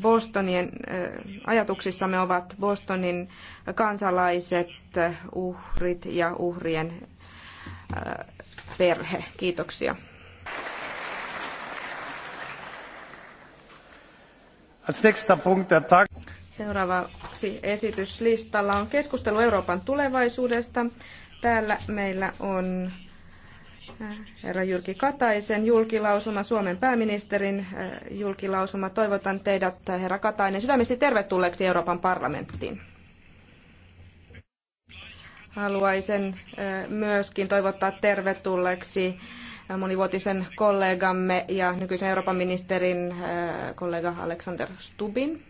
Bostonien ajatuksissamme ovat Bostonin kansalaiset, uhrit ja uhrien perhe. Kiitoksia. Seuraavaksi esityslistalla on keskustelu Euroopan tulevaisuudesta. Täällä meillä on herra Jyrki Kataisen julkilausuma, Suomen pääministerin äh, julkilausuma. Toivotan teidät, äh, herra Katainen, sydämesti tervetulleeksi Euroopan parlamenttiin. Haluaisin äh, myöskin toivottaa tervetulleeksi monivuotisen kollegamme ja nykyisen Euroopan ministerin kollega Alexander Stubin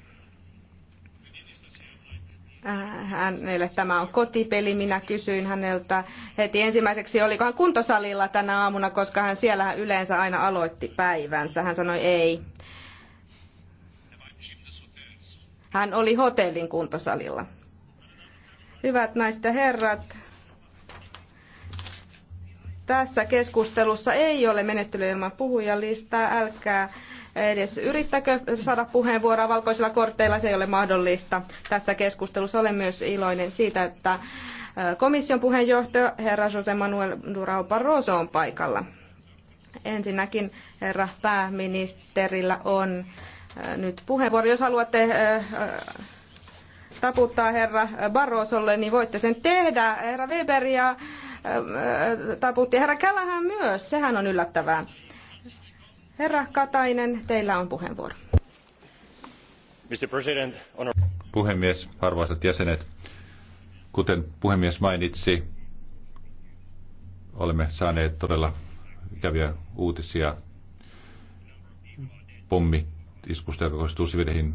hänelle tämä on kotipeli. Minä kysyin häneltä heti ensimmäiseksi, oliko hän kuntosalilla tänä aamuna, koska hän siellä yleensä aina aloitti päivänsä. Hän sanoi ei. Hän oli hotellin kuntosalilla. Hyvät naiset ja herrat, tässä keskustelussa ei ole menettelyilman puhujalistaa. Älkää edes yrittäkö saada puheenvuoroa valkoisilla korteilla, se ei ole mahdollista tässä keskustelussa. Olen myös iloinen siitä, että komission puheenjohtaja herra Jose Manuel Durao Barroso on paikalla. Ensinnäkin herra pääministerillä on nyt puheenvuoro. Jos haluatte taputtaa herra Barrosolle, niin voitte sen tehdä. Herra Weber ja taputti herra Kälähän myös, sehän on yllättävää. Herra Katainen, teillä on puheenvuoro. Mr. President, on... Puhemies, arvoisat jäsenet, kuten puhemies mainitsi, olemme saaneet todella ikäviä uutisia pommi iskusta, joka kohdistuu siviileihin,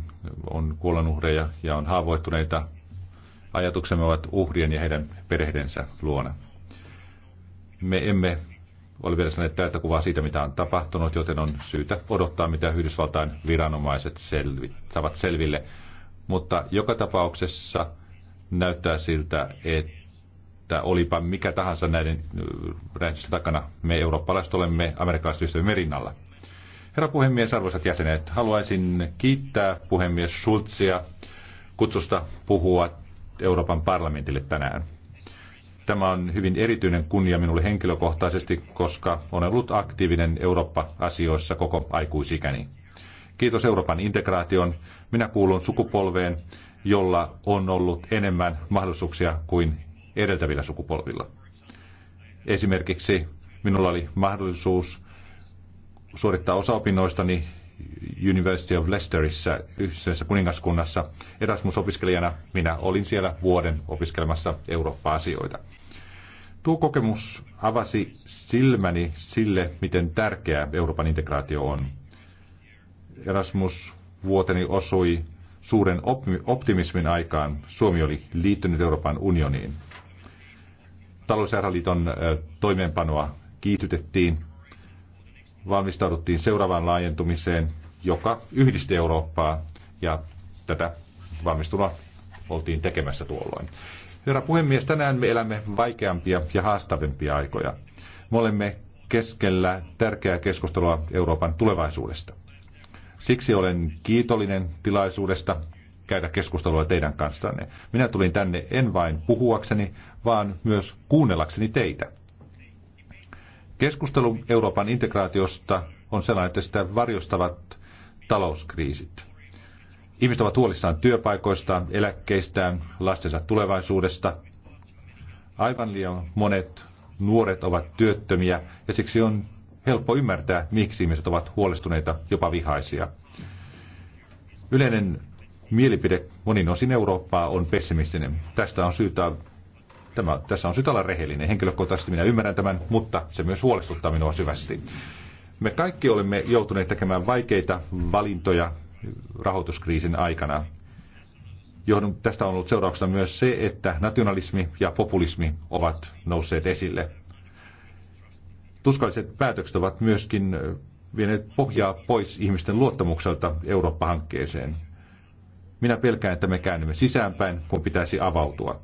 on kuolonuhreja ja on haavoittuneita. Ajatuksemme ovat uhrien ja heidän perheidensä luona. Me emme vielä sellainen täyttä kuvaa siitä, mitä on tapahtunut, joten on syytä odottaa, mitä Yhdysvaltain viranomaiset selvi, saavat selville. Mutta joka tapauksessa näyttää siltä, että olipa mikä tahansa näiden räjähdysten takana, me eurooppalaiset olemme amerikkalaiset ystävimme rinnalla. Herra puhemies, arvoisat jäsenet, haluaisin kiittää puhemies Schulzia kutsusta puhua Euroopan parlamentille tänään. Tämä on hyvin erityinen kunnia minulle henkilökohtaisesti, koska olen ollut aktiivinen Eurooppa-asioissa koko aikuisikäni. Kiitos Euroopan integraation. Minä kuulun sukupolveen, jolla on ollut enemmän mahdollisuuksia kuin edeltävillä sukupolvilla. Esimerkiksi minulla oli mahdollisuus suorittaa osaopinnoistani University of Leicesterissä yhdessä kuningaskunnassa. Erasmus-opiskelijana minä olin siellä vuoden opiskelemassa Eurooppa-asioita. Tuo kokemus avasi silmäni sille, miten tärkeä Euroopan integraatio on. Erasmus vuoteni osui suuren optimismin aikaan. Suomi oli liittynyt Euroopan unioniin. ja toimeenpanoa kiihdytettiin, valmistauduttiin seuraavaan laajentumiseen, joka yhdisti Eurooppaa ja tätä valmistuna oltiin tekemässä tuolloin. Herra puhemies, tänään me elämme vaikeampia ja haastavimpia aikoja. Me olemme keskellä tärkeää keskustelua Euroopan tulevaisuudesta. Siksi olen kiitollinen tilaisuudesta käydä keskustelua teidän kanssanne. Minä tulin tänne en vain puhuakseni, vaan myös kuunnellakseni teitä. Keskustelu Euroopan integraatiosta on sellainen, että sitä varjostavat talouskriisit. Ihmiset ovat huolissaan työpaikoistaan, eläkkeistään, lastensa tulevaisuudesta. Aivan liian monet nuoret ovat työttömiä ja siksi on helppo ymmärtää, miksi ihmiset ovat huolestuneita, jopa vihaisia. Yleinen mielipide monin osin Eurooppaa on pessimistinen. Tästä on syytä, tämä, tässä on syytä olla rehellinen. Henkilökohtaisesti minä ymmärrän tämän, mutta se myös huolestuttaa minua syvästi. Me kaikki olemme joutuneet tekemään vaikeita valintoja rahoituskriisin aikana. Johdun, tästä on ollut seurauksena myös se, että nationalismi ja populismi ovat nousseet esille. Tuskalliset päätökset ovat myöskin vieneet pohjaa pois ihmisten luottamukselta Eurooppa-hankkeeseen. Minä pelkään, että me käännymme sisäänpäin, kun pitäisi avautua.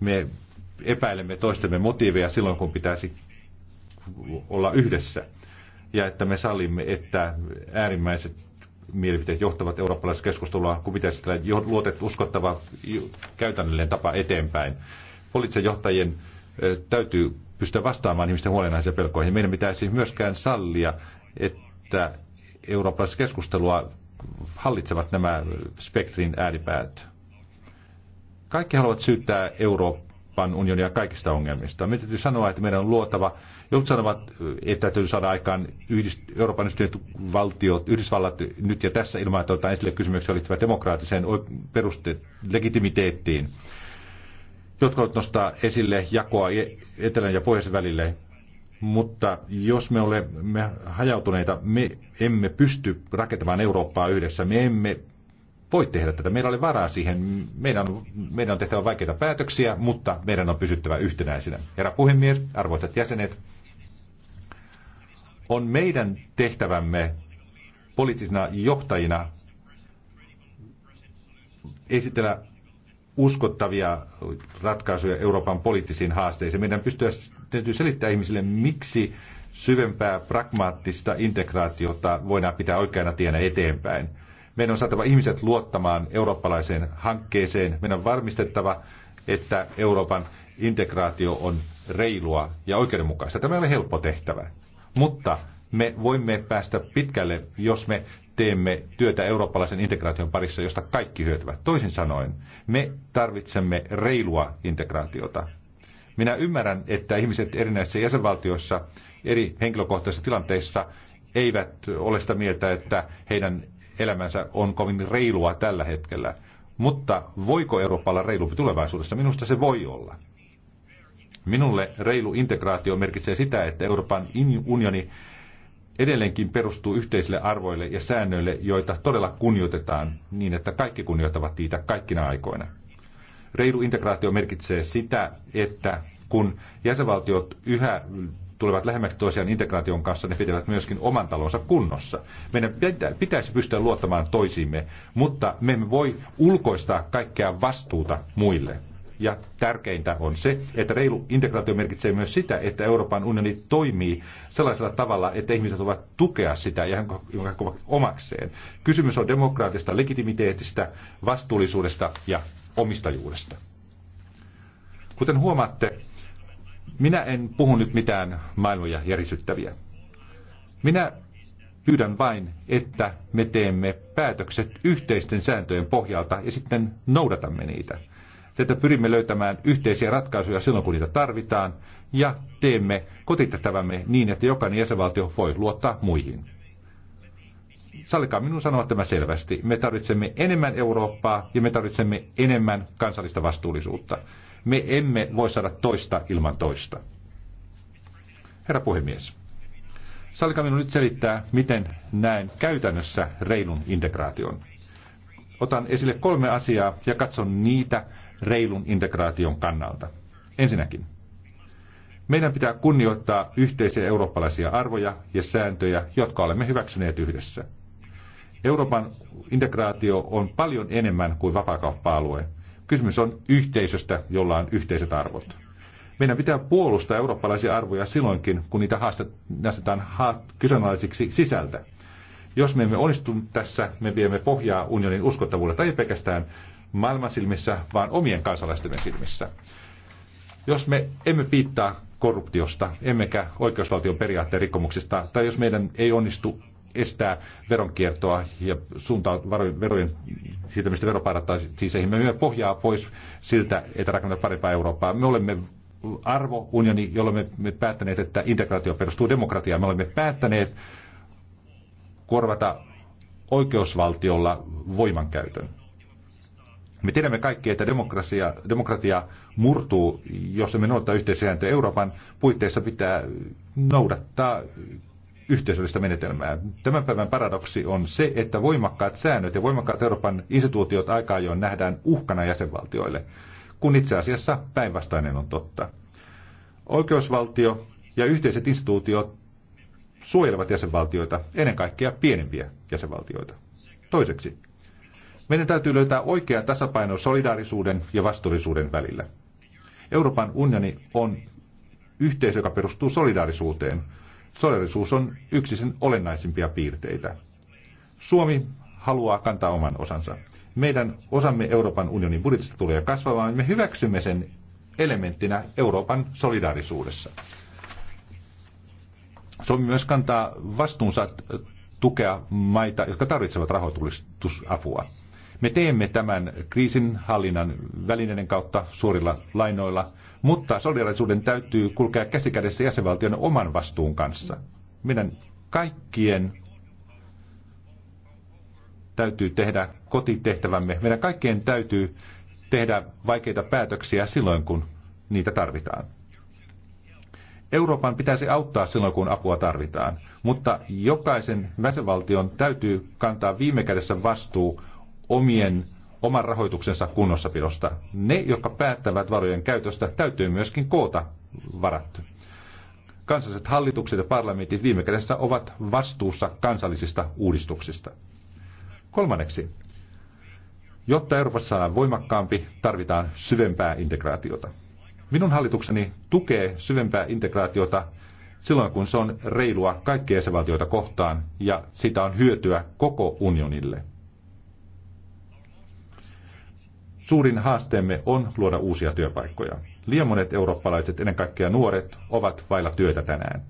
Me epäilemme toistemme motiiveja silloin, kun pitäisi olla yhdessä. Ja että me sallimme, että äärimmäiset mielipiteet johtavat eurooppalaisessa keskustelua, kun pitäisi luotettu, uskottava käytännöllinen tapa eteenpäin. Poliittisen johtajien täytyy pystyä vastaamaan ihmisten huolenaiheisiin pelkoihin. Meidän pitäisi myöskään sallia, että eurooppalaisessa keskustelua hallitsevat nämä spektrin ääripäät. Kaikki haluavat syyttää Euroopan unionia kaikista ongelmista. Meidän täytyy sanoa, että meidän on luotava Jotkut sanovat, että täytyy saada aikaan Yhdist- Euroopan yhdistyneet valtiot, Yhdysvallat nyt ja tässä ilman, että otetaan esille kysymyksiä liittyvät demokraattiseen peruste legitimiteettiin. Jotkut haluavat nostaa esille jakoa e-, etelän ja pohjoisen välille, mutta jos me olemme hajautuneita, me emme pysty rakentamaan Eurooppaa yhdessä. Me emme voi tehdä tätä. Meillä oli varaa siihen. Meidän, meidän on tehtävä vaikeita päätöksiä, mutta meidän on pysyttävä yhtenäisinä. Herra puhemies, arvoisat jäsenet, on meidän tehtävämme poliittisina johtajina esitellä uskottavia ratkaisuja Euroopan poliittisiin haasteisiin. Meidän pystyä, täytyy selittää ihmisille, miksi syvempää pragmaattista integraatiota voidaan pitää oikeana tienä eteenpäin. Meidän on saatava ihmiset luottamaan eurooppalaiseen hankkeeseen. Meidän on varmistettava, että Euroopan integraatio on reilua ja oikeudenmukaista. Tämä ei ole helppo tehtävä. Mutta me voimme päästä pitkälle, jos me teemme työtä eurooppalaisen integraation parissa, josta kaikki hyötyvät. Toisin sanoen, me tarvitsemme reilua integraatiota. Minä ymmärrän, että ihmiset erinäisissä jäsenvaltioissa, eri henkilökohtaisissa tilanteissa eivät ole sitä mieltä, että heidän elämänsä on kovin reilua tällä hetkellä. Mutta voiko Eurooppa olla reilumpi tulevaisuudessa? Minusta se voi olla. Minulle reilu integraatio merkitsee sitä, että Euroopan unioni edelleenkin perustuu yhteisille arvoille ja säännöille, joita todella kunnioitetaan niin, että kaikki kunnioittavat niitä kaikkina aikoina. Reilu integraatio merkitsee sitä, että kun jäsenvaltiot yhä tulevat lähemmäksi toisiaan integraation kanssa, ne pitävät myöskin oman talonsa kunnossa. Meidän pitäisi pystyä luottamaan toisiimme, mutta me emme voi ulkoistaa kaikkea vastuuta muille. Ja tärkeintä on se, että reilu integraatio merkitsee myös sitä, että Euroopan unioni toimii sellaisella tavalla, että ihmiset ovat tukea sitä ja jonka omakseen. Kysymys on demokraattista legitimiteetistä, vastuullisuudesta ja omistajuudesta. Kuten huomaatte, minä en puhu nyt mitään maailmoja järisyttäviä. Minä pyydän vain, että me teemme päätökset yhteisten sääntöjen pohjalta ja sitten noudatamme niitä että pyrimme löytämään yhteisiä ratkaisuja silloin, kun niitä tarvitaan, ja teemme kotitettävämme niin, että jokainen jäsenvaltio voi luottaa muihin. Sallikaa minun sanoa tämä selvästi. Me tarvitsemme enemmän Eurooppaa ja me tarvitsemme enemmän kansallista vastuullisuutta. Me emme voi saada toista ilman toista. Herra puhemies, sallikaa minun nyt selittää, miten näen käytännössä reilun integraation. Otan esille kolme asiaa ja katson niitä reilun integraation kannalta. Ensinnäkin, meidän pitää kunnioittaa yhteisiä eurooppalaisia arvoja ja sääntöjä, jotka olemme hyväksyneet yhdessä. Euroopan integraatio on paljon enemmän kuin vapaakauppa-alue. Kysymys on yhteisöstä, jolla on yhteiset arvot. Meidän pitää puolustaa eurooppalaisia arvoja silloinkin, kun niitä haastetaan kyseenalaisiksi sisältä. Jos me emme onnistu tässä, me viemme pohjaa unionin uskottavuudelle tai pelkästään maailman silmissä, vaan omien kansalaistemme silmissä. Jos me emme piittaa korruptiosta, emmekä oikeusvaltion periaatteen rikkomuksista, tai jos meidän ei onnistu estää veronkiertoa ja suuntaa varojen, verojen siirtämistä veroparatiiseihin. Me pohjaa pois siltä, että rakennetaan parempaa Eurooppaa. Me olemme arvounioni, jolla me, me päättäneet, että integraatio perustuu demokratiaan. Me olemme päättäneet korvata oikeusvaltiolla voimankäytön. Me tiedämme kaikki, että demokratia, demokratia murtuu, jos emme noudattaa yhteisösääntöä. Euroopan puitteissa pitää noudattaa yhteisöllistä menetelmää. Tämän päivän paradoksi on se, että voimakkaat säännöt ja voimakkaat Euroopan instituutiot aika ajoin nähdään uhkana jäsenvaltioille, kun itse asiassa päinvastainen on totta. Oikeusvaltio ja yhteiset instituutiot suojelevat jäsenvaltioita, ennen kaikkea pienempiä jäsenvaltioita. Toiseksi, meidän täytyy löytää oikea tasapaino solidaarisuuden ja vastuullisuuden välillä. Euroopan unioni on yhteisö, joka perustuu solidaarisuuteen. Solidaarisuus on yksi sen olennaisimpia piirteitä. Suomi haluaa kantaa oman osansa. Meidän osamme Euroopan unionin budjetista tulee kasvamaan. Me hyväksymme sen elementtinä Euroopan solidaarisuudessa. Suomi myös kantaa vastuunsa tukea maita, jotka tarvitsevat rahoitusapua. Me teemme tämän kriisin hallinnan välineiden kautta suurilla lainoilla, mutta solidaarisuuden täytyy kulkea käsikädessä jäsenvaltion oman vastuun kanssa. Meidän kaikkien täytyy tehdä kotitehtävämme. Meidän kaikkien täytyy tehdä vaikeita päätöksiä silloin, kun niitä tarvitaan. Euroopan pitäisi auttaa silloin, kun apua tarvitaan, mutta jokaisen jäsenvaltion täytyy kantaa viime kädessä vastuu omien oman rahoituksensa kunnossapidosta. Ne, jotka päättävät varojen käytöstä, täytyy myöskin koota varat. Kansalliset hallitukset ja parlamentit viime kädessä ovat vastuussa kansallisista uudistuksista. Kolmanneksi, jotta Euroopassa saadaan voimakkaampi, tarvitaan syvempää integraatiota. Minun hallitukseni tukee syvempää integraatiota silloin, kun se on reilua kaikkia jäsenvaltioita kohtaan ja sitä on hyötyä koko unionille. Suurin haasteemme on luoda uusia työpaikkoja. Liian monet eurooppalaiset, ennen kaikkea nuoret, ovat vailla työtä tänään.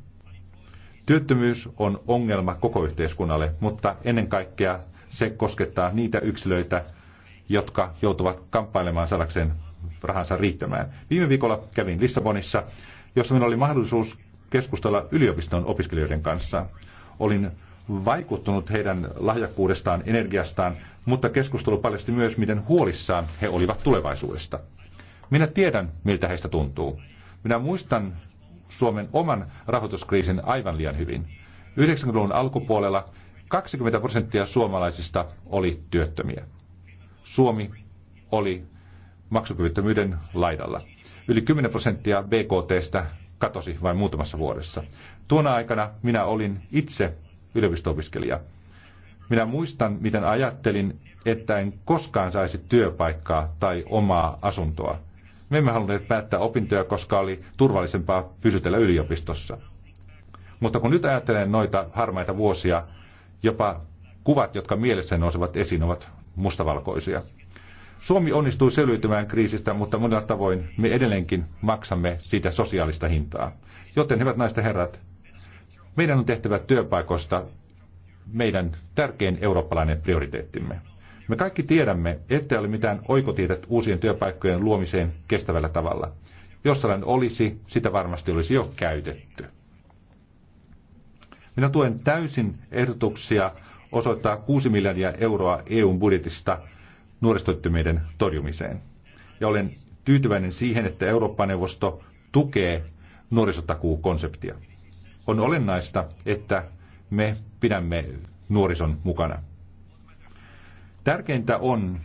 Työttömyys on ongelma koko yhteiskunnalle, mutta ennen kaikkea se koskettaa niitä yksilöitä, jotka joutuvat kamppailemaan saadakseen rahansa riittämään. Viime viikolla kävin Lissabonissa, jossa minulla oli mahdollisuus keskustella yliopiston opiskelijoiden kanssa. Olin vaikuttunut heidän lahjakkuudestaan, energiastaan, mutta keskustelu paljasti myös, miten huolissaan he olivat tulevaisuudesta. Minä tiedän, miltä heistä tuntuu. Minä muistan Suomen oman rahoituskriisin aivan liian hyvin. 90-luvun alkupuolella 20 prosenttia suomalaisista oli työttömiä. Suomi oli maksukyvyttömyyden laidalla. Yli 10 prosenttia BKTstä katosi vain muutamassa vuodessa. Tuona aikana minä olin itse yliopisto-opiskelija. Minä muistan, miten ajattelin, että en koskaan saisi työpaikkaa tai omaa asuntoa. Me emme halunneet päättää opintoja, koska oli turvallisempaa pysytellä yliopistossa. Mutta kun nyt ajattelen noita harmaita vuosia, jopa kuvat, jotka mielessä nousevat esiin, ovat mustavalkoisia. Suomi onnistuu selviytymään kriisistä, mutta monella tavoin me edelleenkin maksamme siitä sosiaalista hintaa. Joten, hyvät naiset herrat, meidän on tehtävä työpaikoista meidän tärkein eurooppalainen prioriteettimme. Me kaikki tiedämme, ettei ole mitään oikotietä uusien työpaikkojen luomiseen kestävällä tavalla. Jos tällainen olisi, sitä varmasti olisi jo käytetty. Minä tuen täysin ehdotuksia osoittaa 6 miljardia euroa EUn budjetista nuorisotyöttömyyden torjumiseen. Ja olen tyytyväinen siihen, että Eurooppa-neuvosto tukee nuorisotakuu-konseptia on olennaista, että me pidämme nuorison mukana. Tärkeintä on,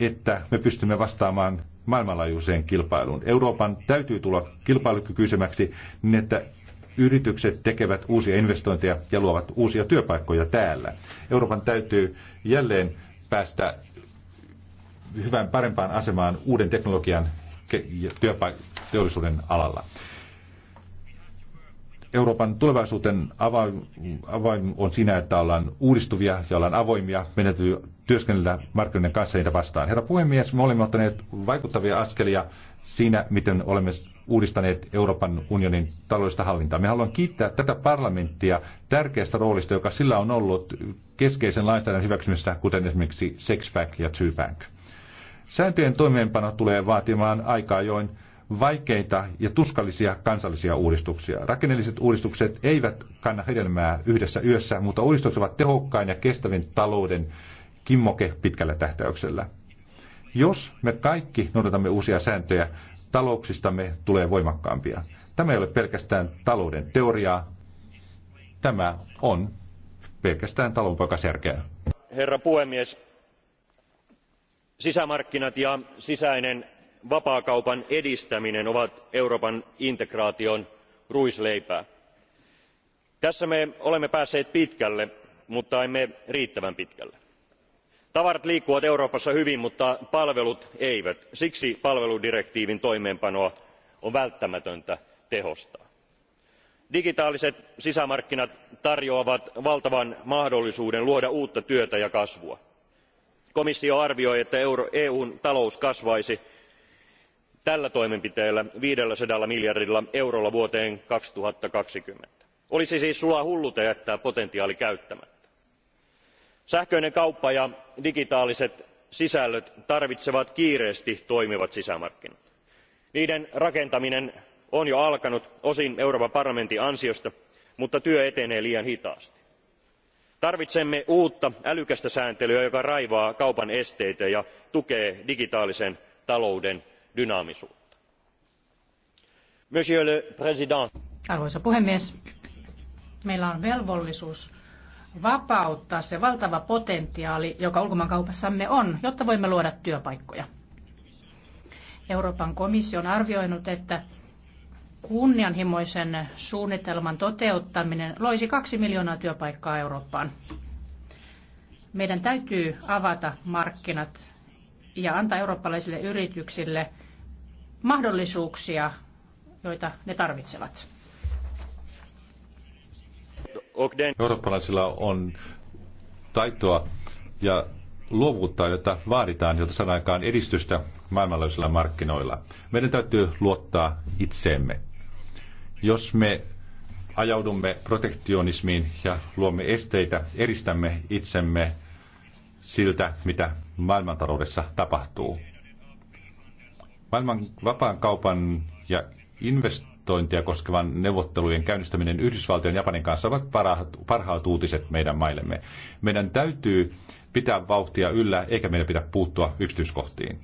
että me pystymme vastaamaan maailmanlaajuiseen kilpailuun. Euroopan täytyy tulla kilpailukykyisemmäksi niin, että yritykset tekevät uusia investointeja ja luovat uusia työpaikkoja täällä. Euroopan täytyy jälleen päästä hyvään parempaan asemaan uuden teknologian ja työpaik- teollisuuden alalla. Euroopan tulevaisuuden avain, avain on siinä, että ollaan uudistuvia ja ollaan avoimia. menetyy työskennellä markkinoiden kanssa niitä vastaan. Herra puhemies, me olemme ottaneet vaikuttavia askelia siinä, miten olemme uudistaneet Euroopan unionin taloudellista hallintaa. Me haluan kiittää tätä parlamenttia tärkeästä roolista, joka sillä on ollut keskeisen lainsäädännön hyväksymisessä, kuten esimerkiksi Sexpack ja Bank. Sääntöjen toimeenpano tulee vaatimaan aikaa join vaikeita ja tuskallisia kansallisia uudistuksia. Rakenneelliset uudistukset eivät kanna hedelmää yhdessä yössä, mutta uudistukset ovat tehokkain ja kestävin talouden kimmoke pitkällä tähtäyksellä. Jos me kaikki noudatamme uusia sääntöjä, talouksistamme tulee voimakkaampia. Tämä ei ole pelkästään talouden teoriaa, tämä on pelkästään talonpoikasjärkeä. Herra puhemies, sisämarkkinat ja sisäinen vapaakaupan edistäminen ovat euroopan integraation ruisleipää. tässä me olemme päässeet pitkälle mutta emme riittävän pitkälle. tavarat liikkuvat euroopassa hyvin mutta palvelut eivät. siksi palveludirektiivin toimeenpanoa on välttämätöntä tehostaa. digitaaliset sisämarkkinat tarjoavat valtavan mahdollisuuden luoda uutta työtä ja kasvua. komissio arvioi että eu n talous kasvaisi tällä toimenpiteellä viisisataa miljardilla eurolla vuoteen kaksituhatta kaksikymmentä olisi siis sulahulluutta jättää potentiaali käyttämättä. sähköinen kauppa ja digitaaliset sisällöt tarvitsevat kiireesti toimivat sisämarkkinat. niiden rakentaminen on jo alkanut osin euroopan parlamentin ansiosta mutta työ etenee liian hitaasti. tarvitsemme uutta älykästä sääntelyä joka raivaa kaupan esteitä ja tukee digitaalisen talouden dynaamisuutta. arvoisa puhemies meillä on velvollisuus vapauttaa se valtava potentiaali, joka ulkomaankaupassamme on, jotta voimme luoda työpaikkoja. Euroopan komissio on arvioinut, että kunnianhimoisen suunnitelman toteuttaminen loisi kaksi miljoonaa työpaikkaa Eurooppaan. Meidän täytyy avata markkinat ja antaa eurooppalaisille yrityksille – mahdollisuuksia, joita ne tarvitsevat. Eurooppalaisilla on taitoa ja luovuutta, jota vaaditaan, jota saadaan aikaan edistystä maailmanlaajuisilla markkinoilla. Meidän täytyy luottaa itseemme. Jos me ajaudumme protektionismiin ja luomme esteitä, eristämme itsemme siltä, mitä maailmantaloudessa tapahtuu. Maailman vapaan kaupan ja investointia koskevan neuvottelujen käynnistäminen Yhdysvaltojen ja Japanin kanssa ovat parhaat, parhaat uutiset meidän maillemme. Meidän täytyy pitää vauhtia yllä, eikä meidän pidä puuttua yksityiskohtiin.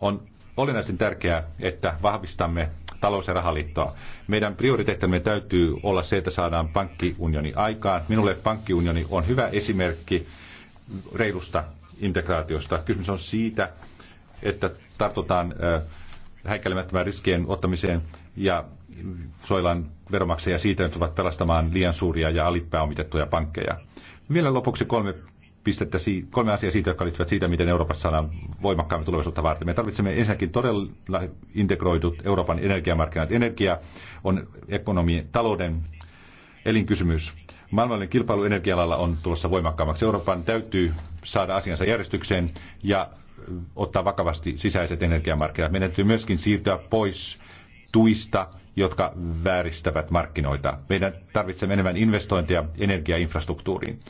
On olennaisen tärkeää, että vahvistamme talous- ja rahaliittoa. Meidän prioriteettimme täytyy olla se, että saadaan pankkiunioni aikaan. Minulle pankkiunioni on hyvä esimerkki reilusta integraatiosta. Kysymys on siitä, että tartutaan häikäilemättömään riskien ottamiseen ja soillaan veromaksajia siitä, että ovat pelastamaan liian suuria ja alipääomitettuja pankkeja. Vielä lopuksi kolme pistettä, kolme asiaa siitä, jotka liittyvät siitä, miten Euroopassa saadaan voimakkaammin tulevaisuutta varten. Me tarvitsemme ensinnäkin todella integroidut Euroopan energiamarkkinat. Energia on ekonomian, talouden elinkysymys. Maailmallinen kilpailu energialalla on tulossa voimakkaammaksi. Euroopan täytyy saada asiansa järjestykseen ja ottaa vakavasti sisäiset energiamarkkinat. Meidän täytyy myöskin siirtyä pois tuista, jotka vääristävät markkinoita. Meidän tarvitsemme enemmän investointeja energiainfrastruktuuriin.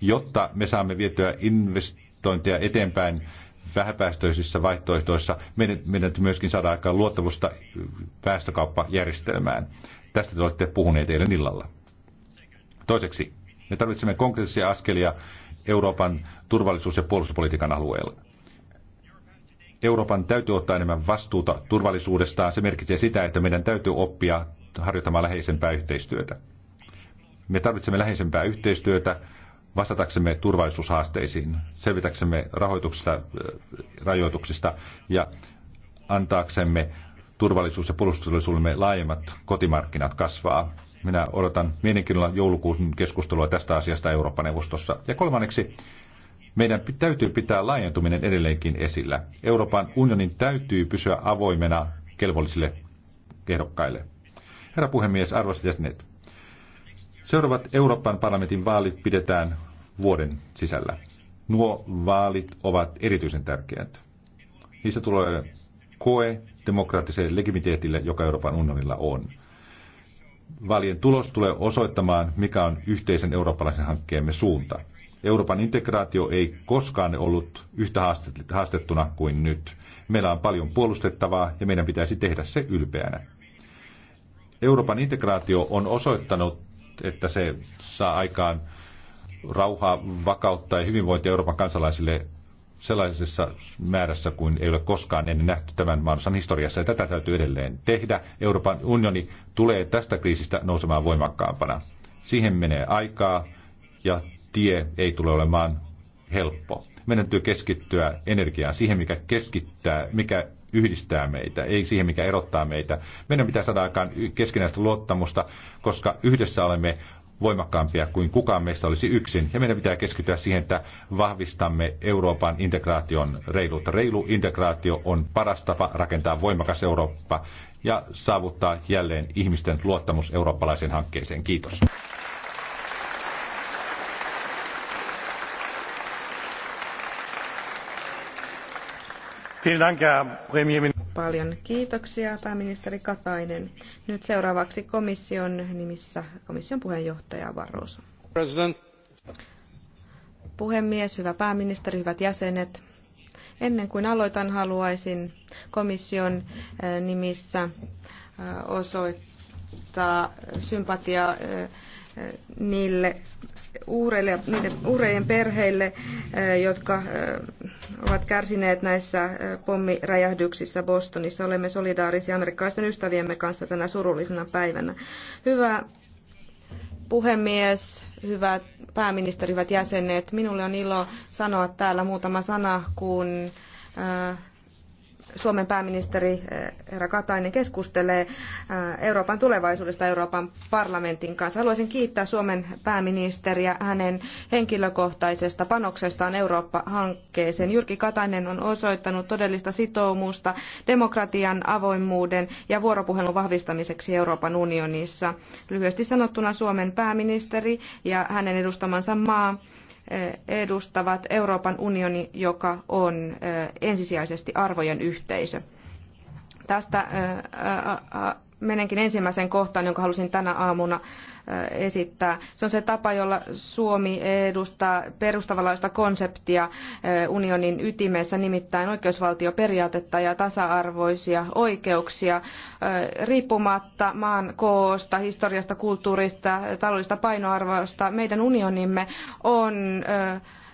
Jotta me saamme vietyä investointeja eteenpäin vähäpäästöisissä vaihtoehtoissa, meidän, meidän täytyy myöskin saada aikaan luottamusta päästökauppajärjestelmään. Tästä te olette puhuneet eilen illalla. Toiseksi, me tarvitsemme konkreettisia askelia Euroopan turvallisuus- ja puolustuspolitiikan alueella. Euroopan täytyy ottaa enemmän vastuuta turvallisuudestaan. Se merkitsee sitä, että meidän täytyy oppia harjoittamaan läheisempää yhteistyötä. Me tarvitsemme läheisempää yhteistyötä vastataksemme turvallisuushaasteisiin, selvitäksemme rahoituksista, äh, rajoituksista ja antaaksemme turvallisuus- ja puolustusteollisuudellemme laajemmat kotimarkkinat kasvaa. Minä odotan mielenkiinnolla joulukuun keskustelua tästä asiasta Eurooppa-neuvostossa. Ja kolmanneksi meidän täytyy pitää laajentuminen edelleenkin esillä. Euroopan unionin täytyy pysyä avoimena kelvollisille ehdokkaille. Herra puhemies, arvoisat jäsenet, seuraavat Euroopan parlamentin vaalit pidetään vuoden sisällä. Nuo vaalit ovat erityisen tärkeät. Niissä tulee koe demokraattiselle legitimiteetille, joka Euroopan unionilla on. Vaalien tulos tulee osoittamaan, mikä on yhteisen eurooppalaisen hankkeemme suunta. Euroopan integraatio ei koskaan ollut yhtä haastettuna kuin nyt. Meillä on paljon puolustettavaa ja meidän pitäisi tehdä se ylpeänä. Euroopan integraatio on osoittanut, että se saa aikaan rauhaa, vakautta ja hyvinvointia Euroopan kansalaisille sellaisessa määrässä kuin ei ole koskaan ennen nähty tämän maailman historiassa. Ja tätä täytyy edelleen tehdä. Euroopan unioni tulee tästä kriisistä nousemaan voimakkaampana. Siihen menee aikaa ja tie ei tule olemaan helppo. Meidän täytyy keskittyä energiaan, siihen mikä keskittää, mikä yhdistää meitä, ei siihen mikä erottaa meitä. Meidän pitää saada aikaan keskinäistä luottamusta, koska yhdessä olemme voimakkaampia kuin kukaan meistä olisi yksin. Ja meidän pitää keskittyä siihen, että vahvistamme Euroopan integraation reiluutta. Reilu integraatio on paras tapa rakentaa voimakas Eurooppa ja saavuttaa jälleen ihmisten luottamus eurooppalaiseen hankkeeseen. Kiitos. Paljon kiitoksia, pääministeri Katainen. Nyt seuraavaksi komission nimissä komission puheenjohtaja Barroso. President. Puhemies, hyvä pääministeri, hyvät jäsenet. Ennen kuin aloitan, haluaisin komission eh, nimissä eh, osoittaa sympatiaa eh, niille uureille ja niiden uureiden perheille, jotka ovat kärsineet näissä pommiräjähdyksissä Bostonissa. Olemme solidaarisia amerikkalaisten ystäviemme kanssa tänä surullisena päivänä. Hyvä puhemies, hyvä pääministeri, hyvät jäsenet. Minulle on ilo sanoa täällä muutama sana, kun Suomen pääministeri eh, herra Katainen keskustelee eh, Euroopan tulevaisuudesta Euroopan parlamentin kanssa. Haluaisin kiittää Suomen pääministeriä hänen henkilökohtaisesta panoksestaan Eurooppa-hankkeeseen. Jyrki Katainen on osoittanut todellista sitoumusta demokratian, avoimuuden ja vuoropuhelun vahvistamiseksi Euroopan unionissa. Lyhyesti sanottuna Suomen pääministeri ja hänen edustamansa maa edustavat Euroopan unioni, joka on ensisijaisesti arvojen yhteisö. Tästä menenkin ensimmäisen kohtaan, jonka halusin tänä aamuna Äh, esittää. Se on se tapa, jolla Suomi edustaa perustavanlaista konseptia äh, unionin ytimessä, nimittäin oikeusvaltioperiaatetta ja tasa-arvoisia oikeuksia äh, riippumatta maan koosta, historiasta, kulttuurista, taloudellisesta painoarvosta. Meidän unionimme on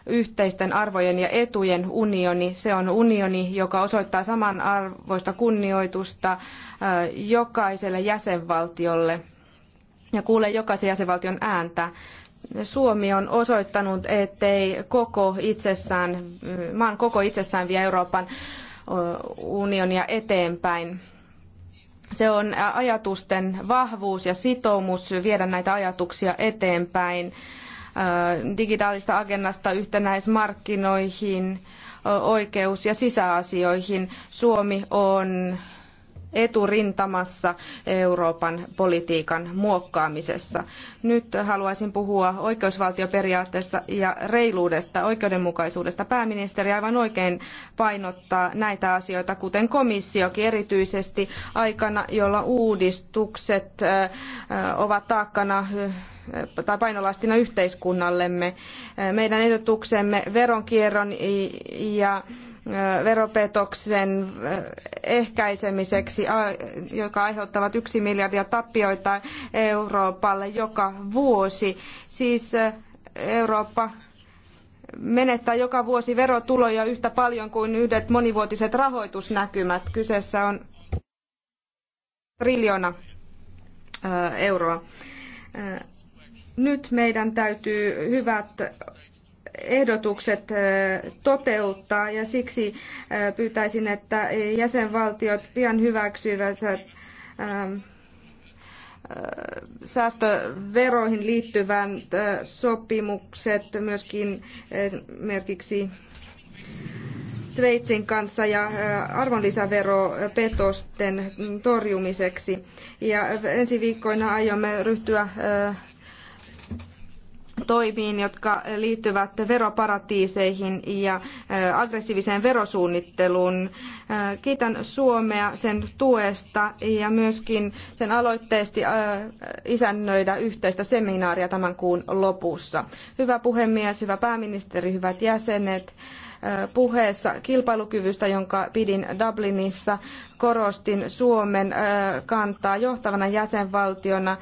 yhteisten arvojen ja etujen unioni. Se on unioni, joka osoittaa samanarvoista kunnioitusta jokaiselle jäsenvaltiolle ja kuulee jokaisen jäsenvaltion ääntä. Suomi on osoittanut, ettei koko itsessään, maan koko itsessään vie Euroopan unionia eteenpäin. Se on ajatusten vahvuus ja sitoumus viedä näitä ajatuksia eteenpäin digitaalista agendasta yhtenäismarkkinoihin, oikeus- ja sisäasioihin. Suomi on eturintamassa Euroopan politiikan muokkaamisessa. Nyt haluaisin puhua oikeusvaltioperiaatteesta ja reiluudesta, oikeudenmukaisuudesta. Pääministeri aivan oikein painottaa näitä asioita, kuten komissiokin erityisesti aikana, jolla uudistukset ovat taakkana tai painolastina yhteiskunnallemme. Meidän ehdotuksemme veronkierron ja veropetoksen ehkäisemiseksi, joka aiheuttavat yksi miljardia tappioita Euroopalle joka vuosi. Siis Eurooppa menettää joka vuosi verotuloja yhtä paljon kuin yhdet monivuotiset rahoitusnäkymät. Kyseessä on triljoona euroa. Nyt meidän täytyy hyvät ehdotukset toteuttaa ja siksi pyytäisin, että jäsenvaltiot pian hyväksyvät säästöveroihin liittyvät sopimukset myöskin esimerkiksi Sveitsin kanssa ja arvonlisäveropetosten torjumiseksi. Ja ensi viikkoina aiomme ryhtyä toimiin, jotka liittyvät veroparatiiseihin ja aggressiiviseen verosuunnitteluun. Kiitän Suomea sen tuesta ja myöskin sen aloitteesti isännöidä yhteistä seminaaria tämän kuun lopussa. Hyvä puhemies, hyvä pääministeri, hyvät jäsenet puheessa kilpailukyvystä, jonka pidin Dublinissa, korostin Suomen kantaa johtavana jäsenvaltiona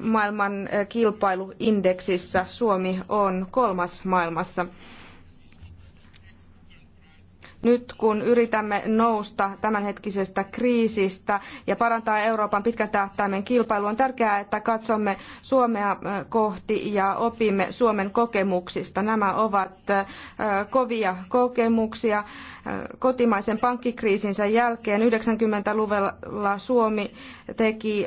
maailman kilpailuindeksissä Suomi on kolmas maailmassa. Nyt kun yritämme nousta tämänhetkisestä kriisistä ja parantaa Euroopan pitkän tähtäimen kilpailua, on tärkeää, että katsomme Suomea äh, kohti ja opimme Suomen kokemuksista. Nämä ovat äh, kovia kokemuksia. Äh, kotimaisen pankkikriisinsä jälkeen 90-luvulla Suomi teki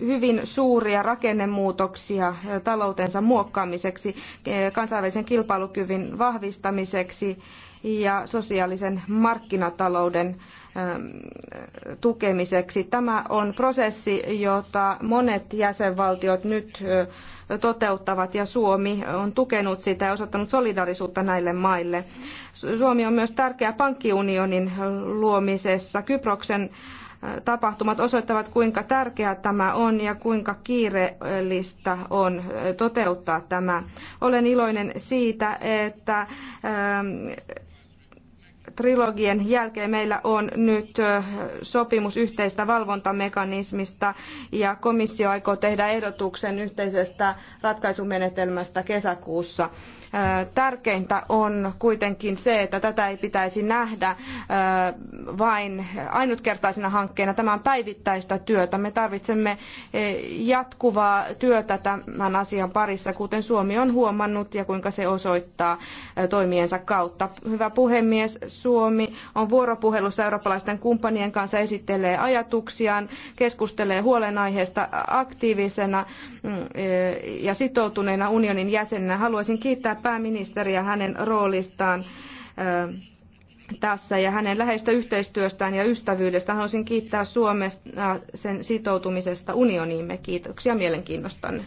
hyvin suuria rakennemuutoksia taloutensa muokkaamiseksi, kansainvälisen kilpailukyvyn vahvistamiseksi ja sosiaalisen markkinatalouden ähm, tukemiseksi. Tämä on prosessi, jota monet jäsenvaltiot nyt toteuttavat ja Suomi on tukenut sitä ja osoittanut solidaarisuutta näille maille. Suomi on myös tärkeä pankkiunionin luomisessa. Kyproksen tapahtumat osoittavat, kuinka tärkeää tämä on ja kuinka kiireellistä on toteuttaa tämä. Olen iloinen siitä, että trilogien jälkeen meillä on nyt sopimus yhteistä valvontamekanismista ja komissio aikoo tehdä ehdotuksen yhteisestä ratkaisumenetelmästä kesäkuussa. Tärkeintä on kuitenkin se, että tätä ei pitäisi nähdä vain ainutkertaisena hankkeena. Tämä on päivittäistä työtä. Me tarvitsemme jatkuvaa työtä tämän asian parissa, kuten Suomi on huomannut ja kuinka se osoittaa toimiensa kautta. Hyvä puhemies, Suomi on vuoropuhelussa eurooppalaisten kumppanien kanssa, esittelee ajatuksiaan, keskustelee huolenaiheesta aktiivisena mm, eh, ja sitoutuneena unionin jäsenenä. Haluaisin kiittää pääministeriä hänen roolistaan eh, tässä ja hänen läheistä yhteistyöstään ja ystävyydestään. Haluaisin kiittää Suomesta sen sitoutumisesta unioniimme. Kiitoksia mielenkiinnostanne.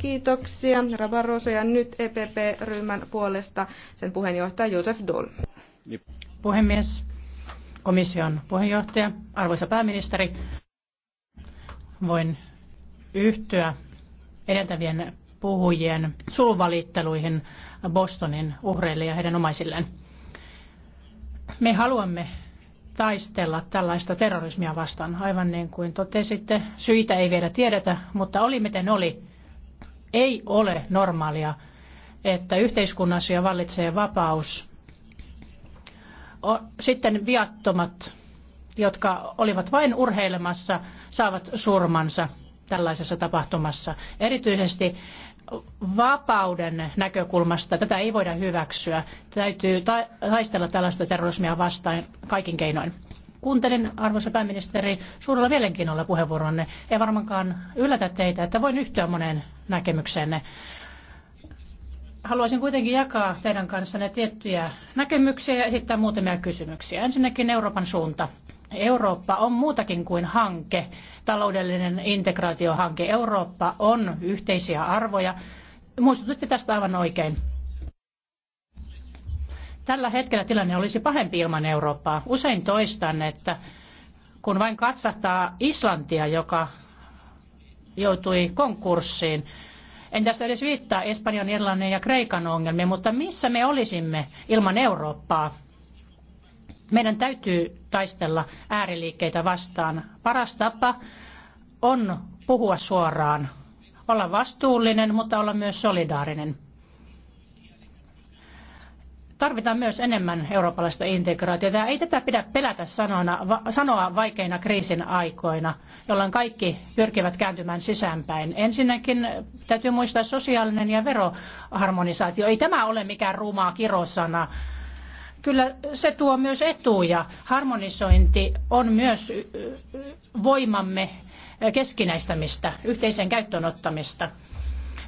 Kiitoksia, herra Barroso. Ja nyt EPP-ryhmän puolesta sen puheenjohtaja Josef Dol. Puhemies, komission puheenjohtaja, arvoisa pääministeri, voin yhtyä edeltävien puhujien sulvalitteluihin Bostonin uhreille ja heidän omaisilleen. Me haluamme taistella tällaista terrorismia vastaan. Aivan niin kuin totesitte, syitä ei vielä tiedetä, mutta oli miten oli. Ei ole normaalia, että yhteiskunnassa vallitsee vapaus. Sitten viattomat, jotka olivat vain urheilemassa, saavat surmansa tällaisessa tapahtumassa. Erityisesti vapauden näkökulmasta tätä ei voida hyväksyä. Täytyy ta- taistella tällaista terrorismia vastaan kaikin keinoin. Kuuntelin, arvoisa pääministeri, suurella mielenkiinnolla puheenvuoronne. Ei varmaankaan yllätä teitä, että voin yhtyä moneen näkemykseenne. Haluaisin kuitenkin jakaa teidän kanssanne tiettyjä näkemyksiä ja esittää muutamia kysymyksiä. Ensinnäkin Euroopan suunta. Eurooppa on muutakin kuin hanke, taloudellinen integraatiohanke. Eurooppa on yhteisiä arvoja. Muistutitte tästä aivan oikein. Tällä hetkellä tilanne olisi pahempi ilman Eurooppaa. Usein toistan, että kun vain katsahtaa Islantia, joka joutui konkurssiin, en tässä edes viittaa Espanjan, Irlannin ja Kreikan ongelmiin, mutta missä me olisimme ilman Eurooppaa? Meidän täytyy taistella ääriliikkeitä vastaan. Paras tapa on puhua suoraan, olla vastuullinen, mutta olla myös solidaarinen. Tarvitaan myös enemmän eurooppalaista integraatiota. Ei tätä pidä pelätä sanona, va, sanoa vaikeina kriisin aikoina, jolloin kaikki pyrkivät kääntymään sisäänpäin. Ensinnäkin täytyy muistaa sosiaalinen ja veroharmonisaatio. Ei tämä ole mikään ruma kirosana kyllä se tuo myös etuja. Harmonisointi on myös voimamme keskinäistämistä, yhteisen käyttöönottamista.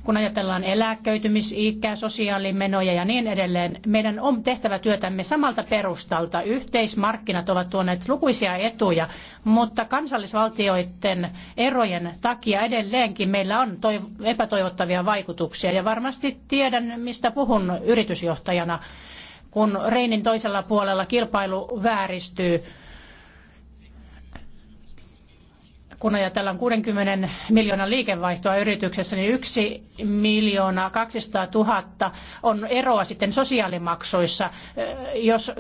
Kun ajatellaan eläköitymisikää, sosiaalimenoja ja niin edelleen, meidän on tehtävä työtämme samalta perustalta. Yhteismarkkinat ovat tuoneet lukuisia etuja, mutta kansallisvaltioiden erojen takia edelleenkin meillä on epätoivottavia vaikutuksia. Ja varmasti tiedän, mistä puhun yritysjohtajana kun Reinin toisella puolella kilpailu vääristyy. Kun ajatellaan 60 miljoonan liikevaihtoa yrityksessä, niin 1 miljoona 200 000 on eroa sitten sosiaalimaksuissa, jos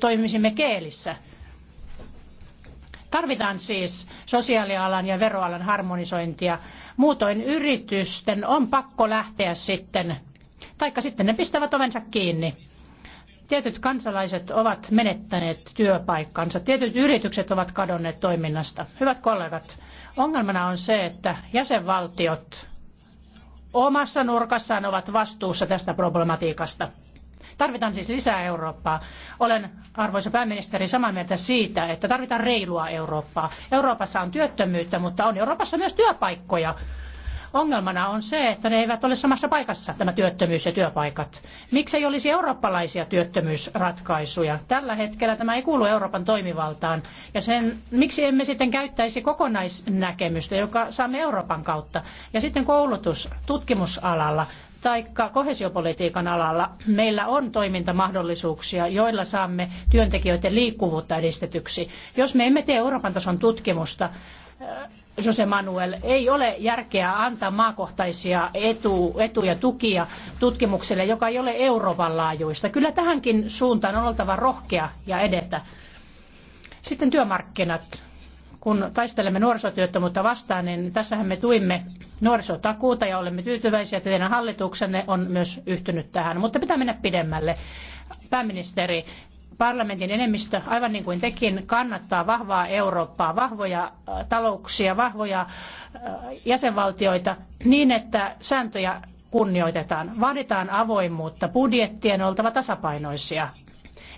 toimisimme keelissä. Tarvitaan siis sosiaalialan ja veroalan harmonisointia. Muutoin yritysten on pakko lähteä sitten, taikka sitten ne pistävät ovensa kiinni. Tietyt kansalaiset ovat menettäneet työpaikkansa, tietyt yritykset ovat kadonneet toiminnasta. Hyvät kollegat, ongelmana on se, että jäsenvaltiot omassa nurkassaan ovat vastuussa tästä problematiikasta. Tarvitaan siis lisää Eurooppaa. Olen, arvoisa pääministeri, samaa mieltä siitä, että tarvitaan reilua Eurooppaa. Euroopassa on työttömyyttä, mutta on Euroopassa myös työpaikkoja. Ongelmana on se, että ne eivät ole samassa paikassa, tämä työttömyys ja työpaikat. Miksi ei olisi eurooppalaisia työttömyysratkaisuja? Tällä hetkellä tämä ei kuulu Euroopan toimivaltaan. Ja sen, miksi emme sitten käyttäisi kokonaisnäkemystä, joka saamme Euroopan kautta? Ja sitten koulutus, tutkimusalalla taikka kohesiopolitiikan alalla meillä on toimintamahdollisuuksia, joilla saamme työntekijöiden liikkuvuutta edistetyksi. Jos me emme tee Euroopan tason tutkimusta, Jose Manuel, ei ole järkeä antaa maakohtaisia etu, etuja, tukia tutkimukselle, joka ei ole Euroopan laajuista. Kyllä tähänkin suuntaan on oltava rohkea ja edetä. Sitten työmarkkinat. Kun taistelemme nuorisotyöttömyyttä vastaan, niin tässähän me tuimme nuorisotakuuta ja olemme tyytyväisiä, että teidän hallituksenne on myös yhtynyt tähän, mutta pitää mennä pidemmälle. Pääministeri, parlamentin enemmistö, aivan niin kuin tekin, kannattaa vahvaa Eurooppaa, vahvoja äh, talouksia, vahvoja äh, jäsenvaltioita niin, että sääntöjä kunnioitetaan. Vaaditaan avoimuutta, budjettien oltava tasapainoisia